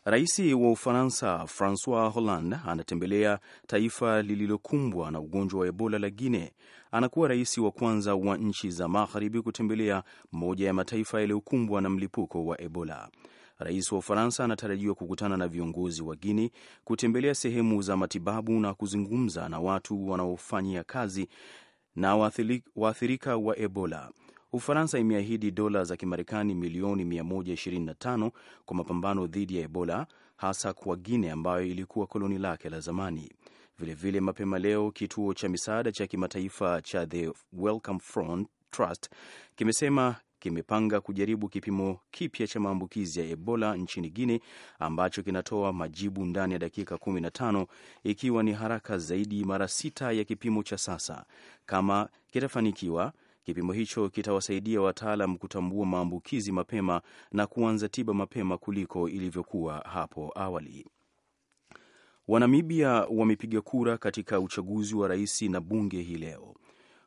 Rais wa Ufaransa Francois Hollande anatembelea taifa lililokumbwa na ugonjwa wa Ebola la Guinea anakuwa rais wa kwanza wa nchi za magharibi kutembelea moja ya mataifa yaliyokumbwa na mlipuko wa Ebola. Rais wa Ufaransa anatarajiwa kukutana na viongozi wa Guini, kutembelea sehemu za matibabu na kuzungumza na watu wanaofanyia kazi na waathirika wa Ebola. Ufaransa imeahidi dola za Kimarekani milioni 125 kwa mapambano dhidi ya Ebola, hasa kwa Guine ambayo ilikuwa koloni lake la zamani. Vilevile vile mapema leo kituo cha misaada cha kimataifa cha The Welcome Front Trust kimesema kimepanga kujaribu kipimo kipya cha maambukizi ya Ebola nchini guine ambacho kinatoa majibu ndani ya dakika 15 ikiwa ni haraka zaidi mara sita ya kipimo cha sasa. Kama kitafanikiwa, kipimo hicho kitawasaidia wataalam kutambua maambukizi mapema na kuanza tiba mapema kuliko ilivyokuwa hapo awali. Wanamibia wamepiga kura katika uchaguzi wa rais na bunge hii leo.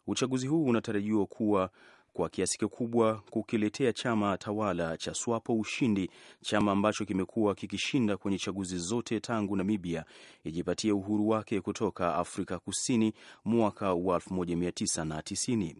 Uchaguzi huu unatarajiwa kuwa kwa kiasi kikubwa kukiletea chama tawala cha SWAPO ushindi, chama ambacho kimekuwa kikishinda kwenye chaguzi zote tangu Namibia ijipatia uhuru wake kutoka Afrika Kusini mwaka wa 1990.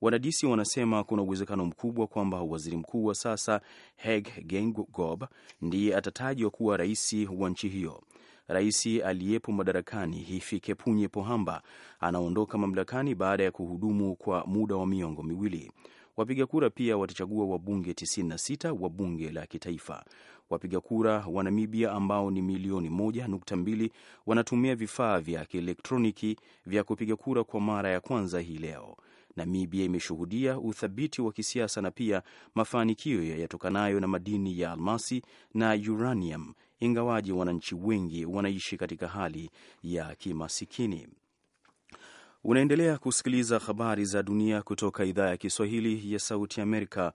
Wadadisi wanasema kuna uwezekano mkubwa kwamba waziri mkuu wa sasa Hage Geingob ndiye atatajwa kuwa rais wa nchi hiyo. Rais aliyepo madarakani Hifikepunye Pohamba anaondoka mamlakani baada ya kuhudumu kwa muda wa miongo miwili. Wapiga kura pia watachagua wabunge 96 wa bunge la kitaifa. Wapiga kura wa Namibia ambao ni milioni 1.2 wanatumia vifaa vya kielektroniki vya kupiga kura kwa mara ya kwanza hii leo. Namibia imeshuhudia uthabiti wa kisiasa na pia mafanikio yatokanayo na madini ya almasi na uranium ingawaji wananchi wengi wanaishi katika hali ya kimasikini. Unaendelea kusikiliza habari za dunia kutoka idhaa ya Kiswahili ya Sauti ya Amerika,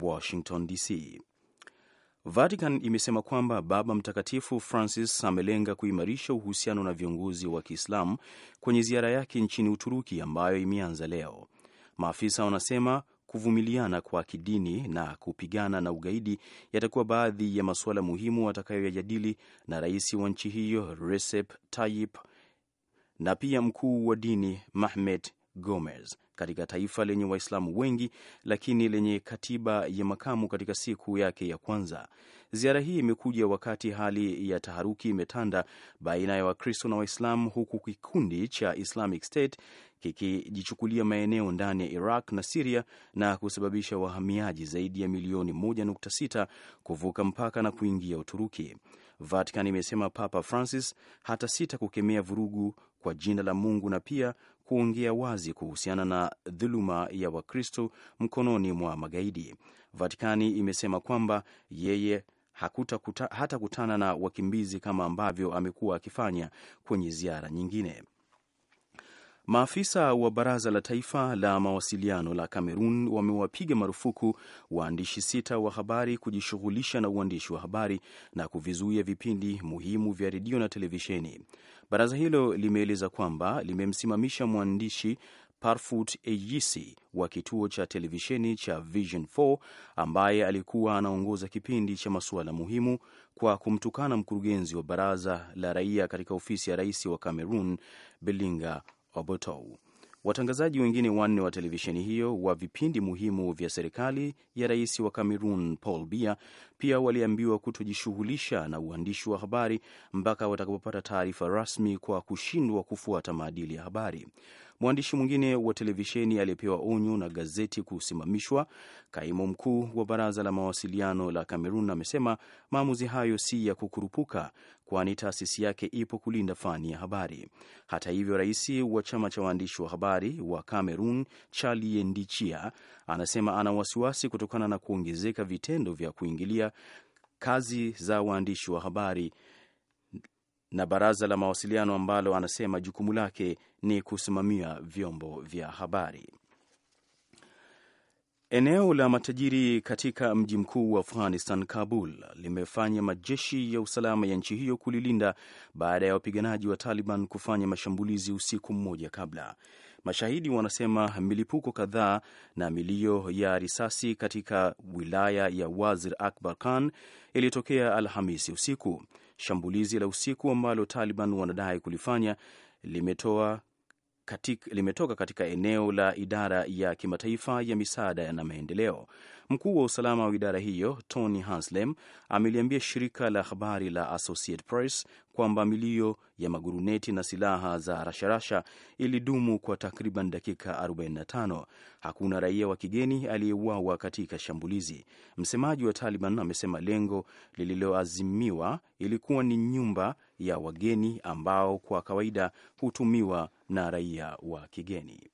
Washington DC. Vatican imesema kwamba Baba Mtakatifu Francis amelenga kuimarisha uhusiano na viongozi wa Kiislamu kwenye ziara yake nchini Uturuki ambayo imeanza leo. Maafisa wanasema kuvumiliana kwa kidini na kupigana na ugaidi yatakuwa baadhi ya masuala muhimu atakayoyajadili na rais wa nchi hiyo Recep Tayyip na pia mkuu wa dini Mahmed Gomez katika taifa lenye Waislamu wengi lakini lenye katiba ya makamu katika siku yake ya kwanza. Ziara hii imekuja wakati hali ya taharuki imetanda baina ya Wakristo na Waislamu, huku kikundi cha Islamic State kikijichukulia maeneo ndani ya Iraq na Siria na kusababisha wahamiaji zaidi ya milioni 1.6 kuvuka mpaka na kuingia Uturuki. Vatican imesema Papa Francis hata sita kukemea vurugu kwa jina la Mungu na pia kuongea wazi kuhusiana na dhuluma ya Wakristo mkononi mwa magaidi. Vatikani imesema kwamba yeye hakuta kuta, kutana na wakimbizi kama ambavyo amekuwa akifanya kwenye ziara nyingine. Maafisa wa Baraza la Taifa la Mawasiliano la Kamerun wamewapiga marufuku waandishi sita wa habari kujishughulisha na uandishi wa habari na kuvizuia vipindi muhimu vya redio na televisheni. Baraza hilo limeeleza kwamba limemsimamisha mwandishi Parfut Eyisi wa kituo cha televisheni cha Vision 4 ambaye alikuwa anaongoza kipindi cha masuala muhimu kwa kumtukana mkurugenzi wa baraza la raia katika ofisi ya rais wa Cameroon Belinga Obotou. Watangazaji wengine wanne wa televisheni hiyo wa vipindi muhimu vya serikali ya rais wa Cameroon Paul Biya pia waliambiwa kutojishughulisha na uandishi wa habari mpaka watakapopata taarifa rasmi kwa kushindwa kufuata maadili ya habari. Mwandishi mwingine wa televisheni aliyepewa onyo na gazeti kusimamishwa, kaimu mkuu wa baraza la mawasiliano la Kamerun, amesema maamuzi hayo si ya kukurupuka, kwani taasisi yake ipo kulinda fani ya habari. Hata hivyo, rais wa chama cha waandishi wa habari wa Kamerun, Charlie Ndichia, anasema ana wasiwasi kutokana na kuongezeka vitendo vya kuingilia kazi za waandishi wa habari na baraza la mawasiliano ambalo anasema jukumu lake ni kusimamia vyombo vya habari. Eneo la matajiri katika mji mkuu wa Afghanistan, Kabul, limefanya majeshi ya usalama ya nchi hiyo kulilinda baada ya wapiganaji wa Taliban kufanya mashambulizi usiku mmoja kabla. Mashahidi wanasema milipuko kadhaa na milio ya risasi katika wilaya ya Wazir Akbar Khan ilitokea Alhamisi usiku. Shambulizi la usiku ambalo Taliban wanadai kulifanya limetoa katika, limetoka katika eneo la idara ya kimataifa ya misaada na maendeleo. Mkuu wa usalama wa idara hiyo Tony Hanslem ameliambia shirika la habari la Associated Press kwamba milio ya maguruneti na silaha za rasharasha ilidumu kwa takriban dakika 45. Hakuna raia wa kigeni aliyeuawa katika shambulizi. Msemaji wa Taliban amesema lengo lililoazimiwa ilikuwa ni nyumba ya wageni ambao kwa kawaida hutumiwa na raia wa kigeni.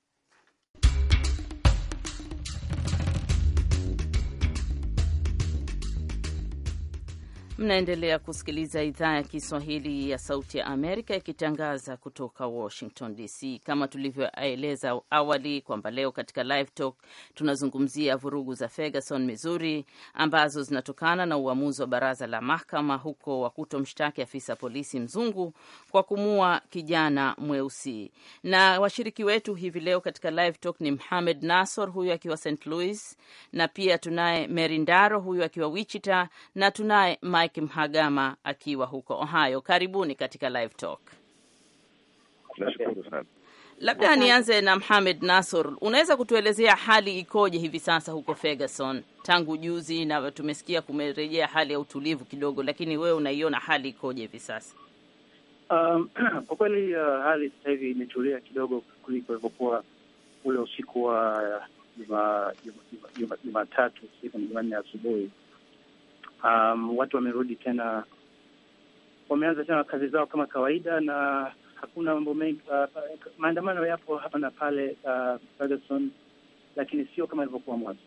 Mnaendelea kusikiliza idhaa ya Kiswahili ya Sauti ya Amerika ikitangaza kutoka Washington DC. Kama tulivyoeleza awali kwamba leo katika Live Talk tunazungumzia vurugu za Ferguson, Missouri, ambazo zinatokana na uamuzi wa baraza la mahakama huko wa kutomshtaki afisa polisi mzungu kwa kumua kijana mweusi. Na washiriki wetu hivi leo katika Live Talk ni Mhamed Nasor, huyu akiwa St Louis, na pia tunaye Merindaro, huyu akiwa Wichita, na tunaye Mike Mike Mhagama akiwa huko Ohio. Karibuni katika Live Talk. Labda nianze na Mohamed Nasor, unaweza kutuelezea hali ikoje hivi sasa huko Ferguson tangu juzi, na tumesikia kumerejea hali ya utulivu kidogo, lakini wewe unaiona hali ikoje hivi sasa? Um, kwa kweli uh, hali sasa hivi imetulia kidogo kuliko ilivyokuwa ule usiku wa uh, Jumatatu siku ni Jumanne asubuhi, um, watu wamerudi tena, wameanza tena kazi zao kama kawaida, na hakuna mambo mengi. Uh, maandamano yapo hapa na pale uh, lakini sio kama ilivyokuwa mwanzo.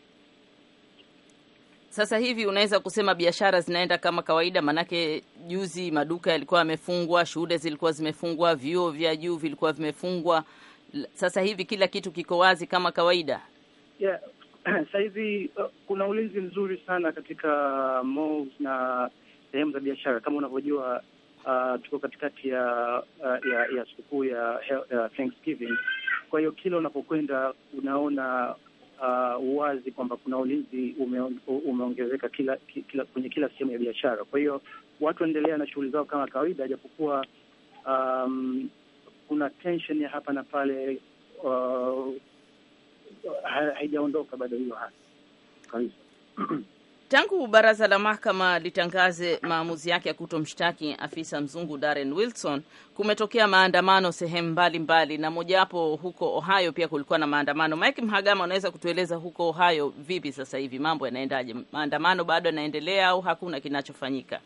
Sasa hivi unaweza kusema biashara zinaenda kama kawaida, maanake juzi maduka yalikuwa yamefungwa, shule zilikuwa zimefungwa, vyuo vya juu vilikuwa vimefungwa. Sasa hivi kila kitu kiko wazi kama kawaida. Yeah, sahizi uh, kuna ulinzi mzuri sana katika uh, malls na sehemu za biashara kama unavyojua. Uh, tuko katikati ya uh, ya, ya sikukuu ya, ya Thanksgiving. Kwa hiyo kila unapokwenda unaona uh, wazi kwamba kuna ulinzi umeongezeka ume kila, kila, kwenye kila sehemu ya biashara. Kwa hiyo watu waendelea na shughuli zao kama kawaida, japokuwa um, kuna tension ya hapa na pale uh, haijaondoka bado hiyo hali kabisa. Tangu baraza la mahakama litangaze maamuzi yake ya kutomshtaki afisa mzungu Darren Wilson, kumetokea maandamano sehemu mbalimbali, na mojawapo huko Ohio pia kulikuwa na maandamano. Mike Mhagama, unaweza kutueleza huko Ohio vipi sasa hivi mambo yanaendaje? Maandamano bado yanaendelea au hakuna kinachofanyika?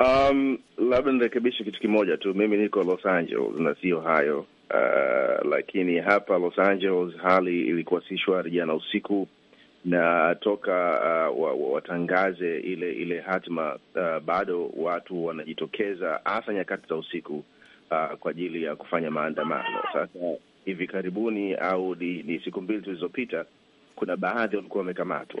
Um, labda nirekebishe kitu kimoja tu, mimi niko Los Angeles na si Ohio. Uh, lakini hapa Los Angeles hali ilikuwa si shwari jana usiku, na toka uh, watangaze wa ile ile hatima uh, bado watu wanajitokeza hasa nyakati za usiku uh, kwa ajili ya kufanya maandamano. Sasa hivi karibuni au ni, ni siku mbili zilizopita, kuna baadhi walikuwa wamekamatwa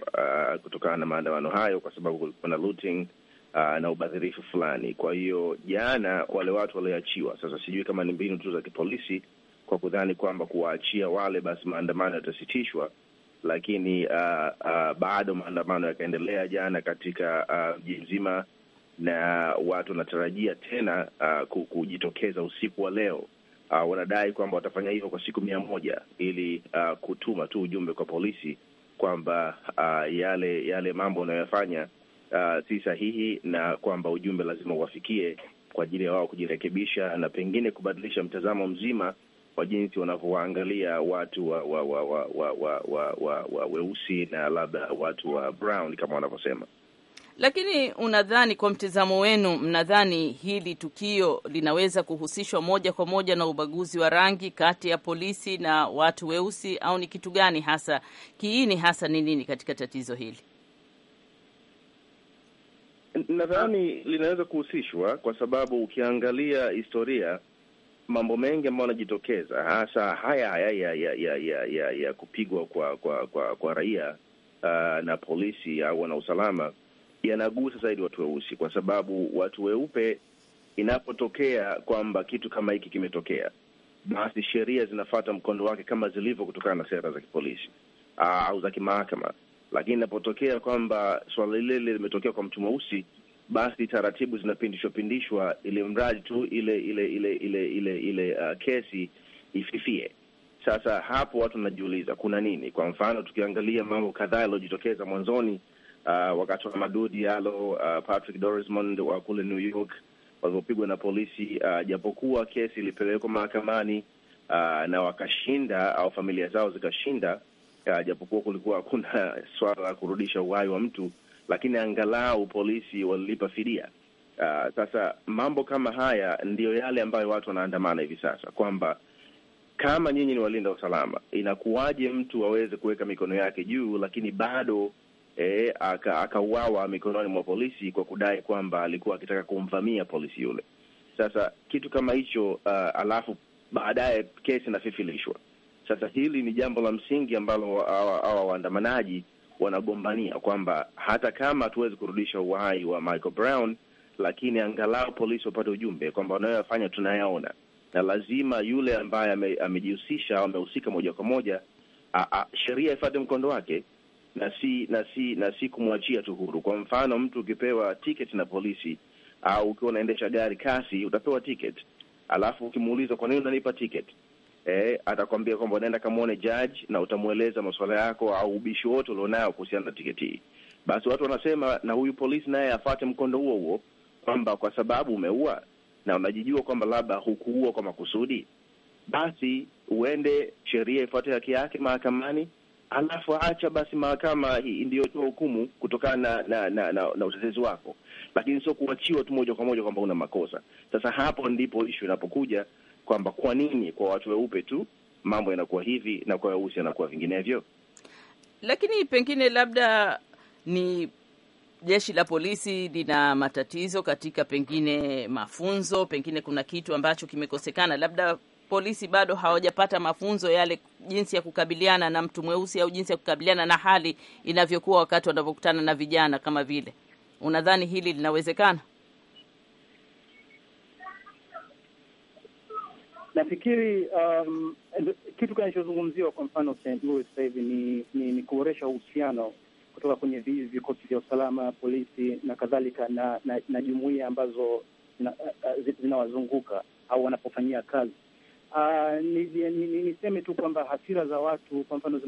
uh, kutokana na maandamano hayo, kwa sababu kulikuwa na looting uh, na ubadhirifu fulani. Kwa hiyo jana wale watu walioachiwa, sasa sijui kama ni mbinu tu za kipolisi kwa kudhani kwamba kuwaachia wale basi maandamano yatasitishwa, lakini uh, uh, bado maandamano yakaendelea jana katika uh, mji uh, mzima, na watu wanatarajia tena uh, kujitokeza usiku wa leo. Uh, wanadai kwamba watafanya hivyo kwa siku mia moja ili uh, kutuma tu ujumbe kwa polisi kwamba uh, yale yale mambo wanayoyafanya uh, si sahihi na kwamba ujumbe lazima uwafikie kwa ajili ya wao kujirekebisha na pengine kubadilisha mtazamo mzima wa jinsi wanavyowaangalia watu wa wa wa wa wa wa wa wa wa weusi na labda watu wa brown kama wanavyosema. Lakini unadhani, kwa mtazamo wenu, mnadhani hili tukio linaweza kuhusishwa moja kwa moja na ubaguzi wa rangi kati ya polisi na watu weusi, au ni kitu gani hasa, kiini hasa ni nini katika tatizo hili? Nadhani linaweza kuhusishwa kwa sababu ukiangalia historia mambo mengi ambayo yanajitokeza hasa haya haya ya ya ya ya, ya, ya kupigwa kwa kwa kwa, kwa raia uh, na polisi au wanausalama yanagusa zaidi watu weusi, kwa sababu watu weupe inapotokea kwamba kitu kama hiki kimetokea, basi sheria zinafata mkondo wake kama zilivyo kutokana na sera za kipolisi uh, au za kimahakama lakini inapotokea kwamba suala lile lile limetokea kwa mtu mweusi, basi taratibu zinapindishwa pindishwa, ili mradi tu ile ile ile ile ile ile uh, kesi ififie. Sasa hapo watu wanajiuliza kuna nini? Kwa mfano tukiangalia mambo kadhaa yaliyojitokeza mwanzoni, uh, wakati wa madudi alo uh, Patrick Dorismond wa kule New York walivyopigwa na polisi, uh, japokuwa kesi ilipelekwa mahakamani uh, na wakashinda au familia zao zikashinda uh, japokuwa kulikuwa hakuna swala la kurudisha uhai wa mtu, lakini angalau polisi walilipa fidia. Uh, sasa mambo kama haya ndiyo yale ambayo watu wanaandamana hivi sasa, kwamba kama nyinyi ni walinda usalama, inakuwaje mtu aweze kuweka mikono yake juu, lakini bado eh, akauawa aka mikononi mwa polisi kwa kudai kwamba alikuwa akitaka kumvamia polisi yule. Sasa kitu kama hicho uh, alafu baadaye kesi inafifilishwa sasa hili ni jambo la msingi ambalo hawa waandamanaji wanagombania kwamba hata kama hatuwezi kurudisha uhai wa Michael Brown, lakini angalau polisi wapate ujumbe kwamba wanayoyafanya tunayaona, na lazima yule ambaye amejihusisha au amehusika moja kwa moja, sheria ifate mkondo wake na si na si na si kumwachia tu huru. Kwa mfano, mtu ukipewa tiketi na polisi au ukiwa unaendesha gari kasi, utapewa tiketi, alafu ukimuuliza kwa nini unanipa tiketi eh, atakwambia kwamba unaenda kamwone judge na utamweleza masuala yako au ubishi wote ulionayo kuhusiana na tiketi hii. Basi watu wanasema na huyu polisi naye afate mkondo huo huo, kwamba kwa sababu umeua na unajijua kwamba labda hukuua kwa makusudi, basi uende sheria ifuate haki yake mahakamani, alafu acha basi mahakama ndiyotoa hukumu kutokana na na, na, na, na utetezi wako, lakini sio kuachiwa tu moja kwa moja kwamba una makosa. Sasa hapo ndipo ishu inapokuja kwamba kwa nini kwa watu weupe tu mambo yanakuwa hivi na kwa weusi yanakuwa vinginevyo. Lakini pengine labda ni jeshi la polisi lina matatizo katika pengine mafunzo, pengine kuna kitu ambacho kimekosekana, labda polisi bado hawajapata mafunzo yale, jinsi ya kukabiliana na mtu mweusi au jinsi ya kukabiliana na hali inavyokuwa wakati wanavyokutana na vijana kama vile. Unadhani hili linawezekana? Nafikiri um, kitu kinachozungumziwa kwa mfano St. Louis sasa hivi ni, ni, ni kuboresha uhusiano kutoka kwenye vi vikosi vya usalama, polisi na kadhalika na, na, na jumuia ambazo uh, uh, zinawazunguka au wanapofanyia kazi. Uh, niseme ni, ni, ni tu kwamba hasira za watu kwa mfano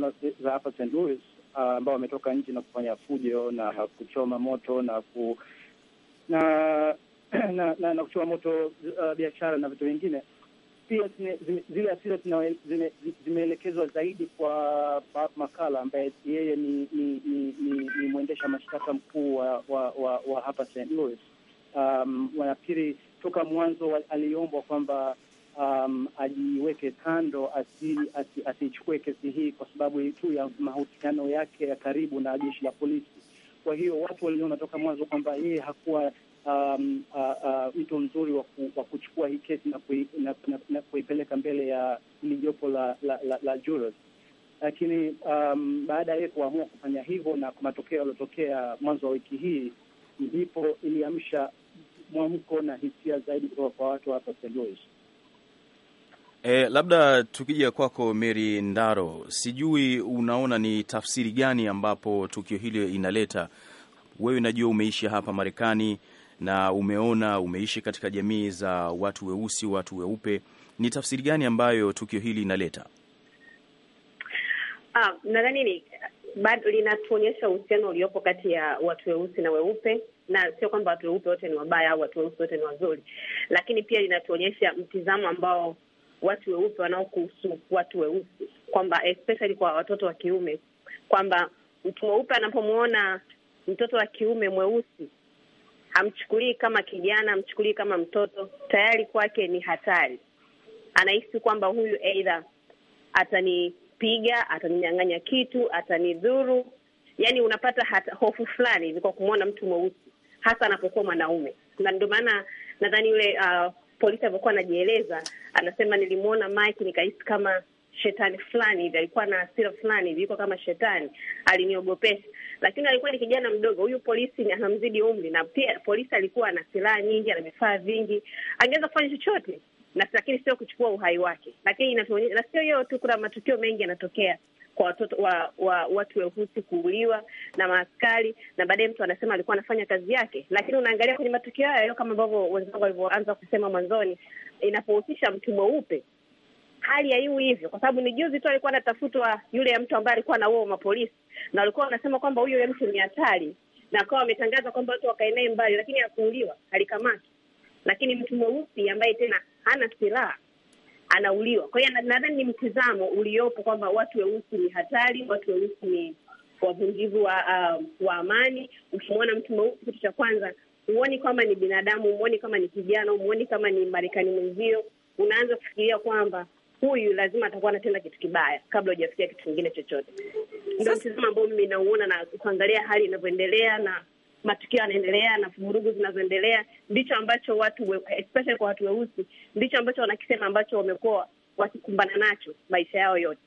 za hapa St. Louis uh, ambao uh, wametoka nje na kufanya fujo na kuchoma moto na ku, na, na, na, na kuchoma moto uh, biashara na vitu vingine pia zile asira zimeelekezwa zaidi kwa Bob Makala ambaye yeye ni, ni, ni, ni, ni mwendesha mashtaka mkuu wa, wa, wa, wa hapa St Louis. Um, wanafikiri toka mwanzo aliombwa kwamba um, ajiweke kando asiichukue asi, kesi hii kwa sababu tu ya mahusiano yake ya karibu na jeshi la polisi. Kwa hiyo watu waliona toka mwanzo kwamba yeye hakuwa um, uh, uh, wito mzuri wa waku, kuchukua hii kesi na, kui, kuipeleka mbele ya hili jopo la, la, la, la jurors lakini um, baada ya yeye kuamua kufanya hivyo na kwa matokeo yaliyotokea mwanzo wa wiki hii, ndipo iliamsha mwamko na hisia zaidi kutoka kwa watu hapa St. Louis. E, labda tukija kwako Mary Ndaro, sijui unaona ni tafsiri gani ambapo tukio hili inaleta. Wewe najua umeishi hapa Marekani na umeona umeishi katika jamii za watu weusi, watu weupe, ni tafsiri gani ambayo tukio hili inaleta? Ah, nadhani ni bado linatuonyesha uhusiano uliopo kati ya watu weusi na weupe, na sio kwamba watu weupe wote ni wabaya au watu weusi wote ni wazuri, lakini pia linatuonyesha mtizamo ambao watu weupe wanaokuhusu watu weusi, kwamba especially kwa watoto wa kiume, kwamba mtu mweupe anapomwona mtoto wa kiume mweusi hamchukulii kama kijana, hamchukulii kama mtoto, tayari kwake ni hatari. Anahisi kwamba huyu aidha atanipiga, ataninyang'anya kitu, atanidhuru. Yani unapata hata hofu fulani hivi kwa kumwona mtu mweusi, hasa anapokuwa mwanaume, na ndio maana nadhani yule uh, polisi alivyokuwa anajieleza, anasema nilimwona Mike nikahisi kama shetani fulani hivi, alikuwa na hasira fulani hivi, iko kama shetani, aliniogopesha lakini alikuwa ni kijana mdogo. Huyu polisi anamzidi umri, na pia polisi alikuwa ana silaha nyingi, ana vifaa vingi, angeweza kufanya chochote na lakini sio kuchukua uhai wake. Lakini na sio hiyo tu, kuna matukio mengi yanatokea kwa watoto wa, wa watu weusi kuuliwa na maaskari, na baadaye mtu anasema alikuwa anafanya kazi yake, lakini unaangalia kwenye matukio hayo, kama ambavyo wenzangu walivyoanza kusema mwanzoni, inapohusisha mtu mweupe hali ya hivyo, kwa sababu ni juzi tu alikuwa anatafutwa yule mtu ambaye alikuwa na uo mapolisi na walikuwa wanasema kwamba huyo mtu ni hatari, na akawa wametangaza kwamba watu wakae naye mbali, lakini hakuuliwa, alikamatwa. Lakini mtu mweusi ambaye tena hana silaha anauliwa. Kwa hiyo nadhani ni mtizamo uliopo kwamba watu weusi ni hatari, watu weusi ni wavunjivu wa, uh, wa amani. Ukimwona mtu mweusi, kitu cha kwanza huoni kama ni binadamu, umuoni kama ni kijana, umuoni kama ni Marekani mwenzio, unaanza kufikiria kwamba huyu lazima atakuwa anatenda kitu kibaya kabla hujafikia kitu kingine chochote. Ndio mtizamo ambao mimi nauona, na kuangalia hali inavyoendelea na matukio yanaendelea na vurugu zinazoendelea, ndicho ambacho watu especially kwa watu weusi, ndicho ambacho wanakisema ambacho wamekuwa wakikumbana nacho maisha yao yote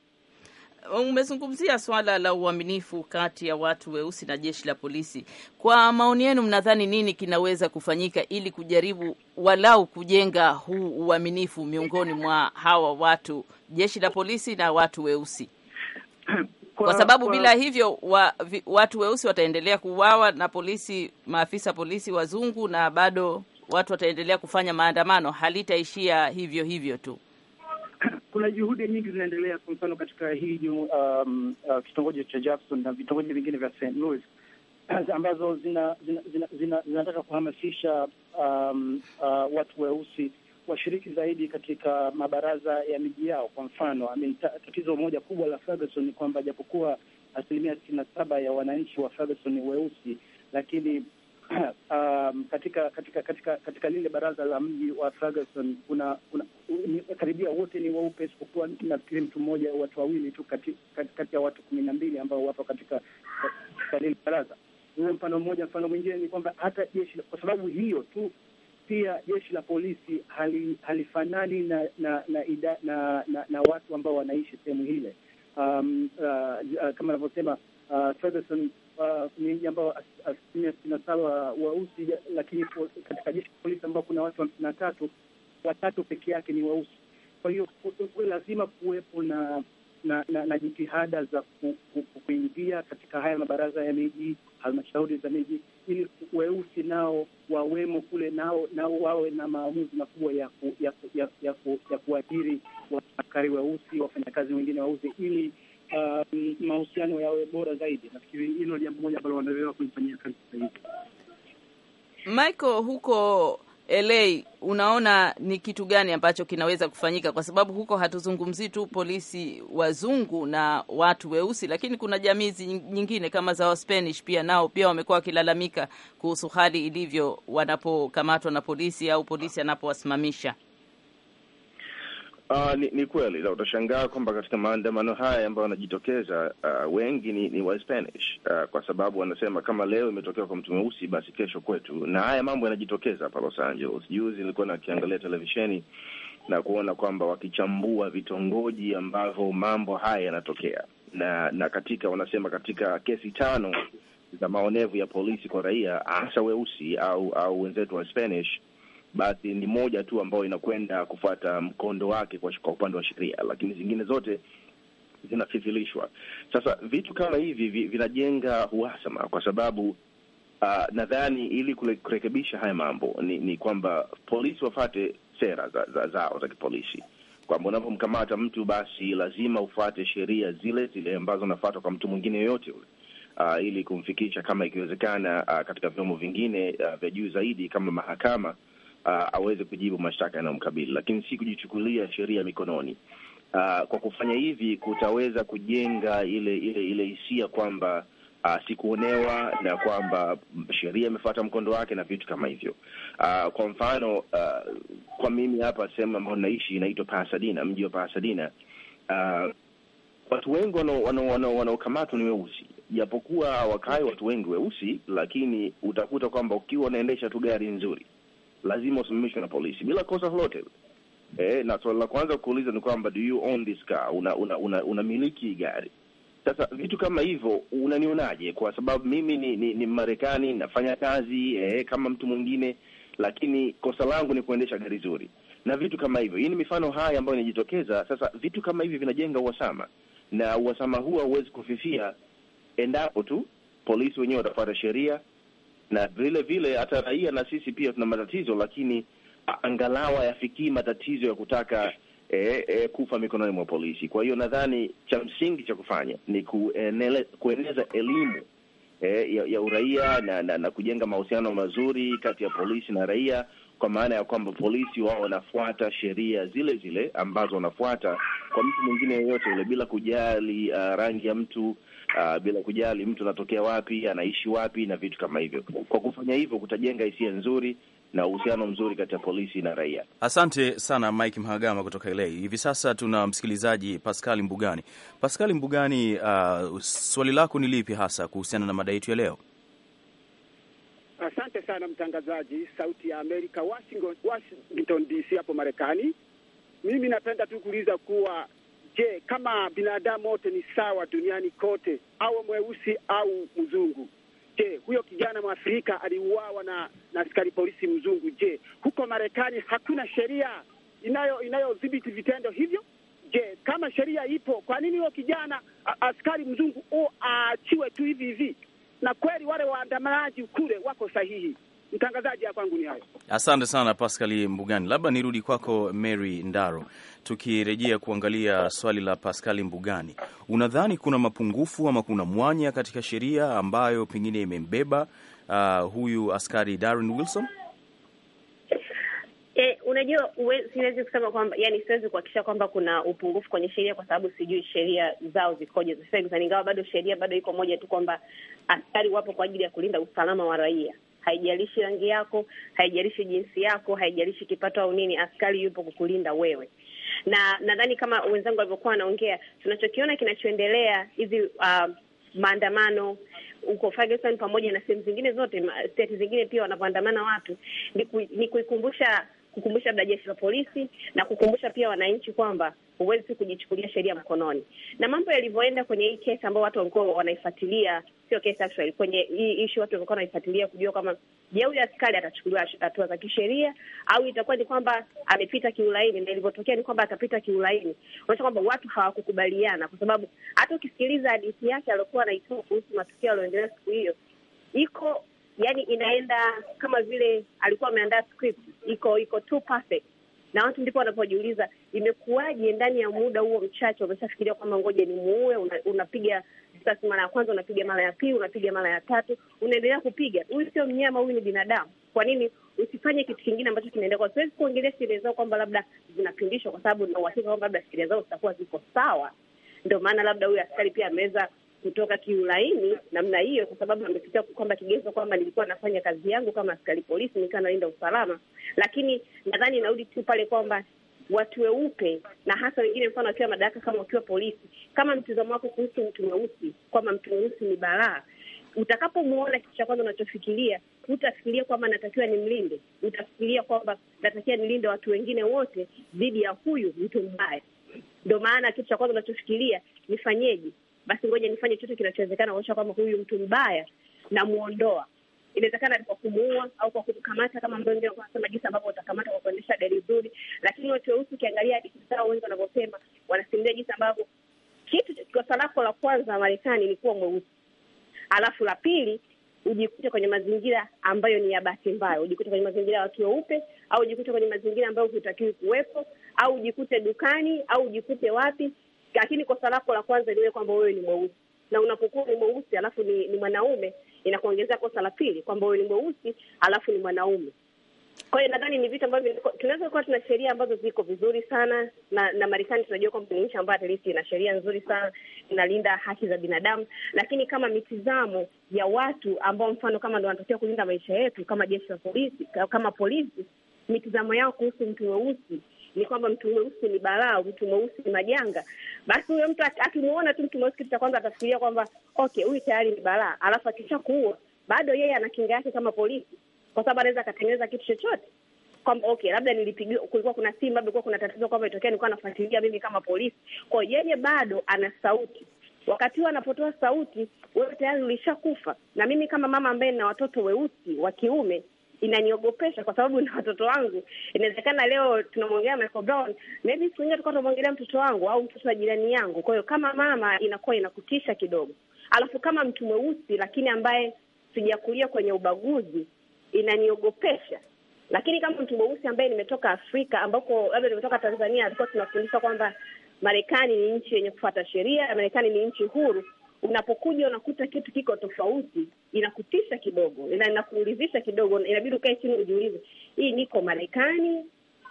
umezungumzia swala la uaminifu kati ya watu weusi na jeshi la polisi. Kwa maoni yenu, mnadhani nini kinaweza kufanyika ili kujaribu walau kujenga huu uaminifu miongoni mwa hawa watu, jeshi la polisi na watu weusi? Kwa sababu bila hivyo wa, watu weusi wataendelea kuuawa na polisi, maafisa polisi wazungu, na bado watu wataendelea kufanya maandamano, halitaishia hivyo hivyo tu. kuna juhudi nyingi zinaendelea, kwa mfano katika hii um, uh, kitongoji cha Jackson na vitongoji vingine vya St Louis ambazo zinataka zina, zina, zina, zina kuhamasisha um, uh, watu weusi washiriki zaidi katika mabaraza ya miji yao. Kwa mfano, tatizo moja kubwa la Ferguson ni kwamba japokuwa asilimia sitini na saba ya wananchi wa Ferguson ni weusi, lakini um, katika, katika katika katika lile baraza la mji wa Ferguson kuna, kuna karibia wote ni weupe isipokuwa nafikiri mtu mmoja au watu wawili tu kati, kati ya watu kumi na mbili ambao wapo katika lile baraza. Huo mfano mmoja. Mfano mwingine ni kwamba hata jeshi, kwa sababu hiyo tu pia jeshi la polisi hali, halifanani na na na, ida, na na na watu ambao wanaishi sehemu ile. Um, uh, uh, kama anavyosema uh, Ferguson uh, ni ambao asilimia sitini na saba weusi, lakini katika jeshi la polisi ambao kuna watu hamsini na tatu watatu peke yake ni weusi. Kwa hiyo lazima kuwepo na na, na, na jitihada za ku, ku, kuingia katika haya mabaraza ya miji, halmashauri za miji, ili weusi nao wawemo kule, nao nao wawe na maamuzi makubwa ya ku, ya, ku, ya, ya, ku, ya kuajiri waakari weusi, wafanyakazi wengine weusi, ili um, mahusiano yawe bora zaidi. Nafikiri hilo jambo moja ambalo wanaweza kulifanyia kazi sasa hivi. Michael, huko LA unaona ni kitu gani ambacho kinaweza kufanyika, kwa sababu huko hatuzungumzii tu polisi wazungu na watu weusi, lakini kuna jamii nyingine kama za Waspanish pia nao pia wamekuwa wakilalamika kuhusu hali ilivyo wanapokamatwa na polisi au polisi anapowasimamisha. Uh, ni, ni kweli na utashangaa kwamba katika maandamano haya ambayo wanajitokeza uh, ah, wengi ni, ni wa Spanish uh, kwa sababu wanasema kama leo imetokea kwa mtu mweusi basi kesho kwetu, na haya mambo yanajitokeza hapa Los Angeles. Juzi nilikuwa nakiangalia televisheni na kuona kwamba wakichambua vitongoji ambavyo mambo haya yanatokea, na na katika wanasema katika kesi tano za maonevu ya polisi kwa raia hasa weusi au au wenzetu wa Spanish basi ni moja tu ambayo inakwenda kufuata mkondo wake kwa, upande wa sheria, lakini zingine zote zinafifilishwa. Sasa vitu kama hivi vinajenga uhasama kwa sababu Uh, nadhani ili kurekebisha haya mambo ni, ni kwamba polisi wafate sera za, za, zao za kipolisi, kwamba unapomkamata mtu basi lazima ufuate sheria zile zile ambazo unafuata kwa mtu mwingine yoyote ule, uh, ah, ili kumfikisha kama ikiwezekana, uh, katika vyombo vingine uh, vya juu zaidi kama mahakama uh, aweze kujibu mashtaka yanayomkabili, lakini si kujichukulia sheria mikononi. Uh, kwa kufanya hivi kutaweza kujenga ile ile ile hisia kwamba uh, sikuonewa na kwamba sheria imefuata mkondo wake na vitu kama hivyo. Uh, kwa mfano uh, kwa mimi hapa sehemu ambayo naishi inaitwa Pasadena, mji wa Pasadena uh, watu wengi wanaokamatwa ni weusi, japokuwa hawakai watu wengi weusi, lakini utakuta kwamba ukiwa unaendesha tu gari nzuri lazima usimamishwe na polisi bila kosa lolote. Eh, na swali la kwanza kuuliza ni kwamba do you own this car, unamiliki una, una, una gari. Sasa vitu kama hivyo unanionaje? Kwa sababu mimi ni, ni, ni Marekani, nafanya kazi eh, kama mtu mwingine, lakini kosa langu ni kuendesha gari zuri na vitu kama hivyo. Hii ni mifano haya ambayo inajitokeza. Sasa vitu kama hivi vinajenga uhasama, na uhasama huu hauwezi kufifia endapo tu polisi wenyewe watafuata sheria na vile vile hata raia na sisi pia tuna matatizo, lakini angalau hayafikii matatizo ya kutaka E, e, kufa mikononi mwa polisi. Kwa hiyo nadhani cha msingi cha kufanya ni kuenele, kueneza elimu e, ya, ya uraia na, na, na kujenga mahusiano mazuri kati ya polisi na raia, kwa maana ya kwamba polisi wao wanafuata sheria zile zile ambazo wanafuata kwa mtu mwingine yeyote ule bila kujali uh, rangi ya mtu uh, bila kujali mtu anatokea wapi, anaishi wapi na vitu kama hivyo. Kwa kufanya hivyo kutajenga hisia nzuri na uhusiano mzuri kati ya polisi na raia. Asante sana Mike Mhagama kutoka LA. Hivi sasa tuna msikilizaji Paskali Mbugani. Pascal Mbugani, uh, swali lako ni lipi hasa kuhusiana na mada yetu ya leo? Asante sana mtangazaji, Sauti ya Amerika, Washington, Washington DC hapo Marekani. Mimi napenda tu kuuliza kuwa Je, kama binadamu wote ni sawa duniani kote, awe mweusi au mzungu? Je, huyo kijana mwafrika aliuawa na na askari polisi mzungu? Je, huko Marekani hakuna sheria inayo inayodhibiti vitendo hivyo? Je, kama sheria ipo, kwa nini huyo kijana askari mzungu o aachiwe tu hivi hivi? Na kweli wale waandamanaji kule wako sahihi mtangazaji, ya kwangu ni hayo. Asante sana Pascal Mbugani. Labda nirudi kwako Mary Ndaro, tukirejea kuangalia swali la Pascal Mbugani, unadhani kuna mapungufu ama kuna mwanya katika sheria ambayo pengine imembeba uh, huyu askari Darren Wilson? E, unajua uwe, siwezi kusema kwamba yani, siwezi kuhakikisha kwamba kuna upungufu kwenye sheria kwa sababu sijui sheria zao zikoje ingawa bado sheria bado iko moja tu kwamba askari wapo kwa ajili ya kulinda usalama wa raia haijalishi rangi yako, haijalishi jinsi yako, haijalishi kipato au nini, askari yupo kukulinda wewe. Na nadhani kama wenzangu walivyokuwa wanaongea, tunachokiona kinachoendelea hizi uh, maandamano huko Ferguson pamoja na sehemu zingine zote, state zingine pia wanavyoandamana watu, ni kuikumbusha kukumbusha labda jeshi la polisi na kukumbusha pia wananchi kwamba huwezi tu kujichukulia sheria mkononi. Na mambo yalivyoenda kwenye hii kesi ambayo watu walikuwa wanaifuatilia, sio kesi actually, kwenye hii ishu watu walikuwa wanaifuatilia kujua kama je, huyu askari atachukuliwa hatua za kisheria au itakuwa ni kwamba amepita kiulaini, na ilivyotokea ni kwamba atapita kiulaini. Unaona kwamba watu hawakukubaliana, kwa sababu hata ukisikiliza hadithi yake aliokuwa anaitoa kuhusu matukio yaliyoendelea siku hiyo iko yani inaenda kama vile alikuwa ameandaa script, iko iko too perfect, na watu ndipo wanapojiuliza imekuwaje ndani ya muda huo mchache wameshafikiria kwamba ngoja ni muue. Una, unapiga risasi mara ya kwanza, unapiga mara ya pili, unapiga mara ya tatu, unaendelea kupiga. Huyu sio mnyama, huyu ni binadamu. Kwa nini usifanye kitu kingine ambacho kinaendelea? Kwa siwezi kuongelea sheria zao kwamba labda zinapindishwa, kwa sababu na uhakika kwamba labda sheria zao zitakuwa ziko sawa. Ndio maana labda huyu askari pia ameweza kutoka kiulaini namna hiyo, kwa sababu amesikia kwamba kigezo kwamba nilikuwa nafanya kazi yangu kama askari polisi, nikiwa nalinda usalama. Lakini nadhani narudi tu pale kwamba watu weupe na hasa wengine, mfano wakiwa madaraka kama wakiwa polisi, kama mtizamo wako kuhusu mtu mweusi kwamba mtu mweusi ni balaa, utakapomwona kitu cha kwanza unachofikiria hutafikiria kwamba natakiwa nimlinde, utafikiria kwamba natakiwa nilinde watu wengine wote dhidi ya huyu mtu mbaya. Ndo maana kitu cha kwanza unachofikiria nifanyeje, basi ngoja nifanye chochote kinachowezekana kuonyesha kwamba huyu mtu mbaya namuondoa. Inawezekana ni kwa kumuua au kwa kumkamata, kama ambavyo wengine wanasema jinsi ambavyo utakamata kwa kuendesha gari zuri, lakini watu weusi ukiangalia hadithi zao wengi wanavyosema, wanasimulia jinsi ambavyo kitu kosa lako la kwanza Marekani ni kuwa mweusi, alafu la pili ujikute kwenye mazingira ambayo ni ya bahati mbaya, ujikute kwenye mazingira ya watu weupe, au ujikute kwenye mazingira ambayo hutakiwi kuwepo, au ujikute dukani, au ujikute wapi, lakini kosa lako la kwanza niwe kwamba wewe ni mweusi, na unapokuwa ni mweusi alafu ni, ni mwanaume inakuongezea kosa la pili kwamba wewe ni mweusi alafu ni mwanaume. Kwa hiyo nadhani ni vitu ambavyo tunaweza kuwa tuna sheria ambazo ziko vizuri sana, na na Marekani tunajua kwamba ni nchi ambayo atlisi ina sheria nzuri sana, inalinda haki za binadamu, lakini kama mitizamo ya watu ambao mfano kama ndo wanatokea kulinda maisha yetu, kama jeshi la polisi, kama polisi mitizamo yao kuhusu mtu weusi ni kwamba mtu mweusi ni balaa, mtu mweusi ni majanga, basi huyo mtu akimuona tu mtu mweusi, kitu cha kwanza atafikiria kwamba okay, huyu tayari ni balaa, alafu kuua bado yeye ana kinga yake kama polisi, kwa sababu anaweza akatengeneza kitu chochote kwamba okay, labda nilipigiwa, kulikuwa kuna simu, labda kulikuwa kuna tatizo kwamba itokea, nilikuwa nafuatilia mimi kama polisi. Kwa hiyo yeye bado ana sauti wakati huo anapotoa sauti, wewe tayari ulishakufa. Na mimi kama mama ambaye nina watoto weusi wa kiume, inaniogopesha kwa sababu na watoto wangu. Inawezekana leo tunamwongelea Michael Brown, maybe siku nyingine tutakuwa tunamwongelea mtoto wangu au mtoto wa jirani yangu. Kwa hiyo kama mama, inakuwa inakutisha kidogo, alafu kama mtu mweusi lakini ambaye sijakulia kwenye ubaguzi, inaniogopesha lakini kama mtu mweusi ambaye nimetoka Afrika ambako labda nimetoka Tanzania, alikuwa tunafundishwa kwamba Marekani ni nchi yenye kufuata sheria, Marekani ni nchi huru unapokuja unakuta kitu kiko tofauti, inakutisha kidogo, ina inakuulizisha kidogo, inabidi ukae chini ujiulize, hii niko Marekani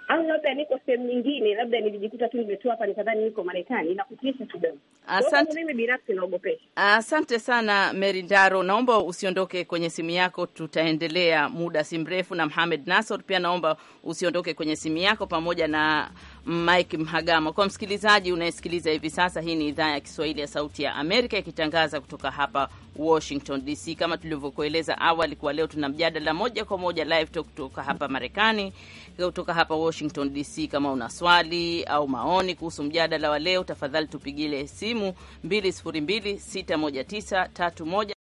au labda niko sehemu nyingine, labda nilijikuta tu nimetoa hapa nikadhani niko Marekani. Inakutisha kidogo. Asante. Mimi binafsi naogopesha. Asante sana Mary Ndaro, naomba usiondoke kwenye simu yako, tutaendelea muda si mrefu na Mohamed Nasor. Pia naomba usiondoke kwenye simu yako, pamoja na Mike Mhagama. Kwa msikilizaji unayesikiliza hivi sasa, hii ni idhaa ya Kiswahili ya Sauti ya Amerika ikitangaza kutoka hapa Washington DC. Kama tulivyokueleza awali, kwa leo tuna mjadala moja kwa moja live talk kutoka hapa Marekani, kutoka hapa Washington DC. Kama una swali au maoni kuhusu mjadala wa leo, tafadhali tupigile simu 20261931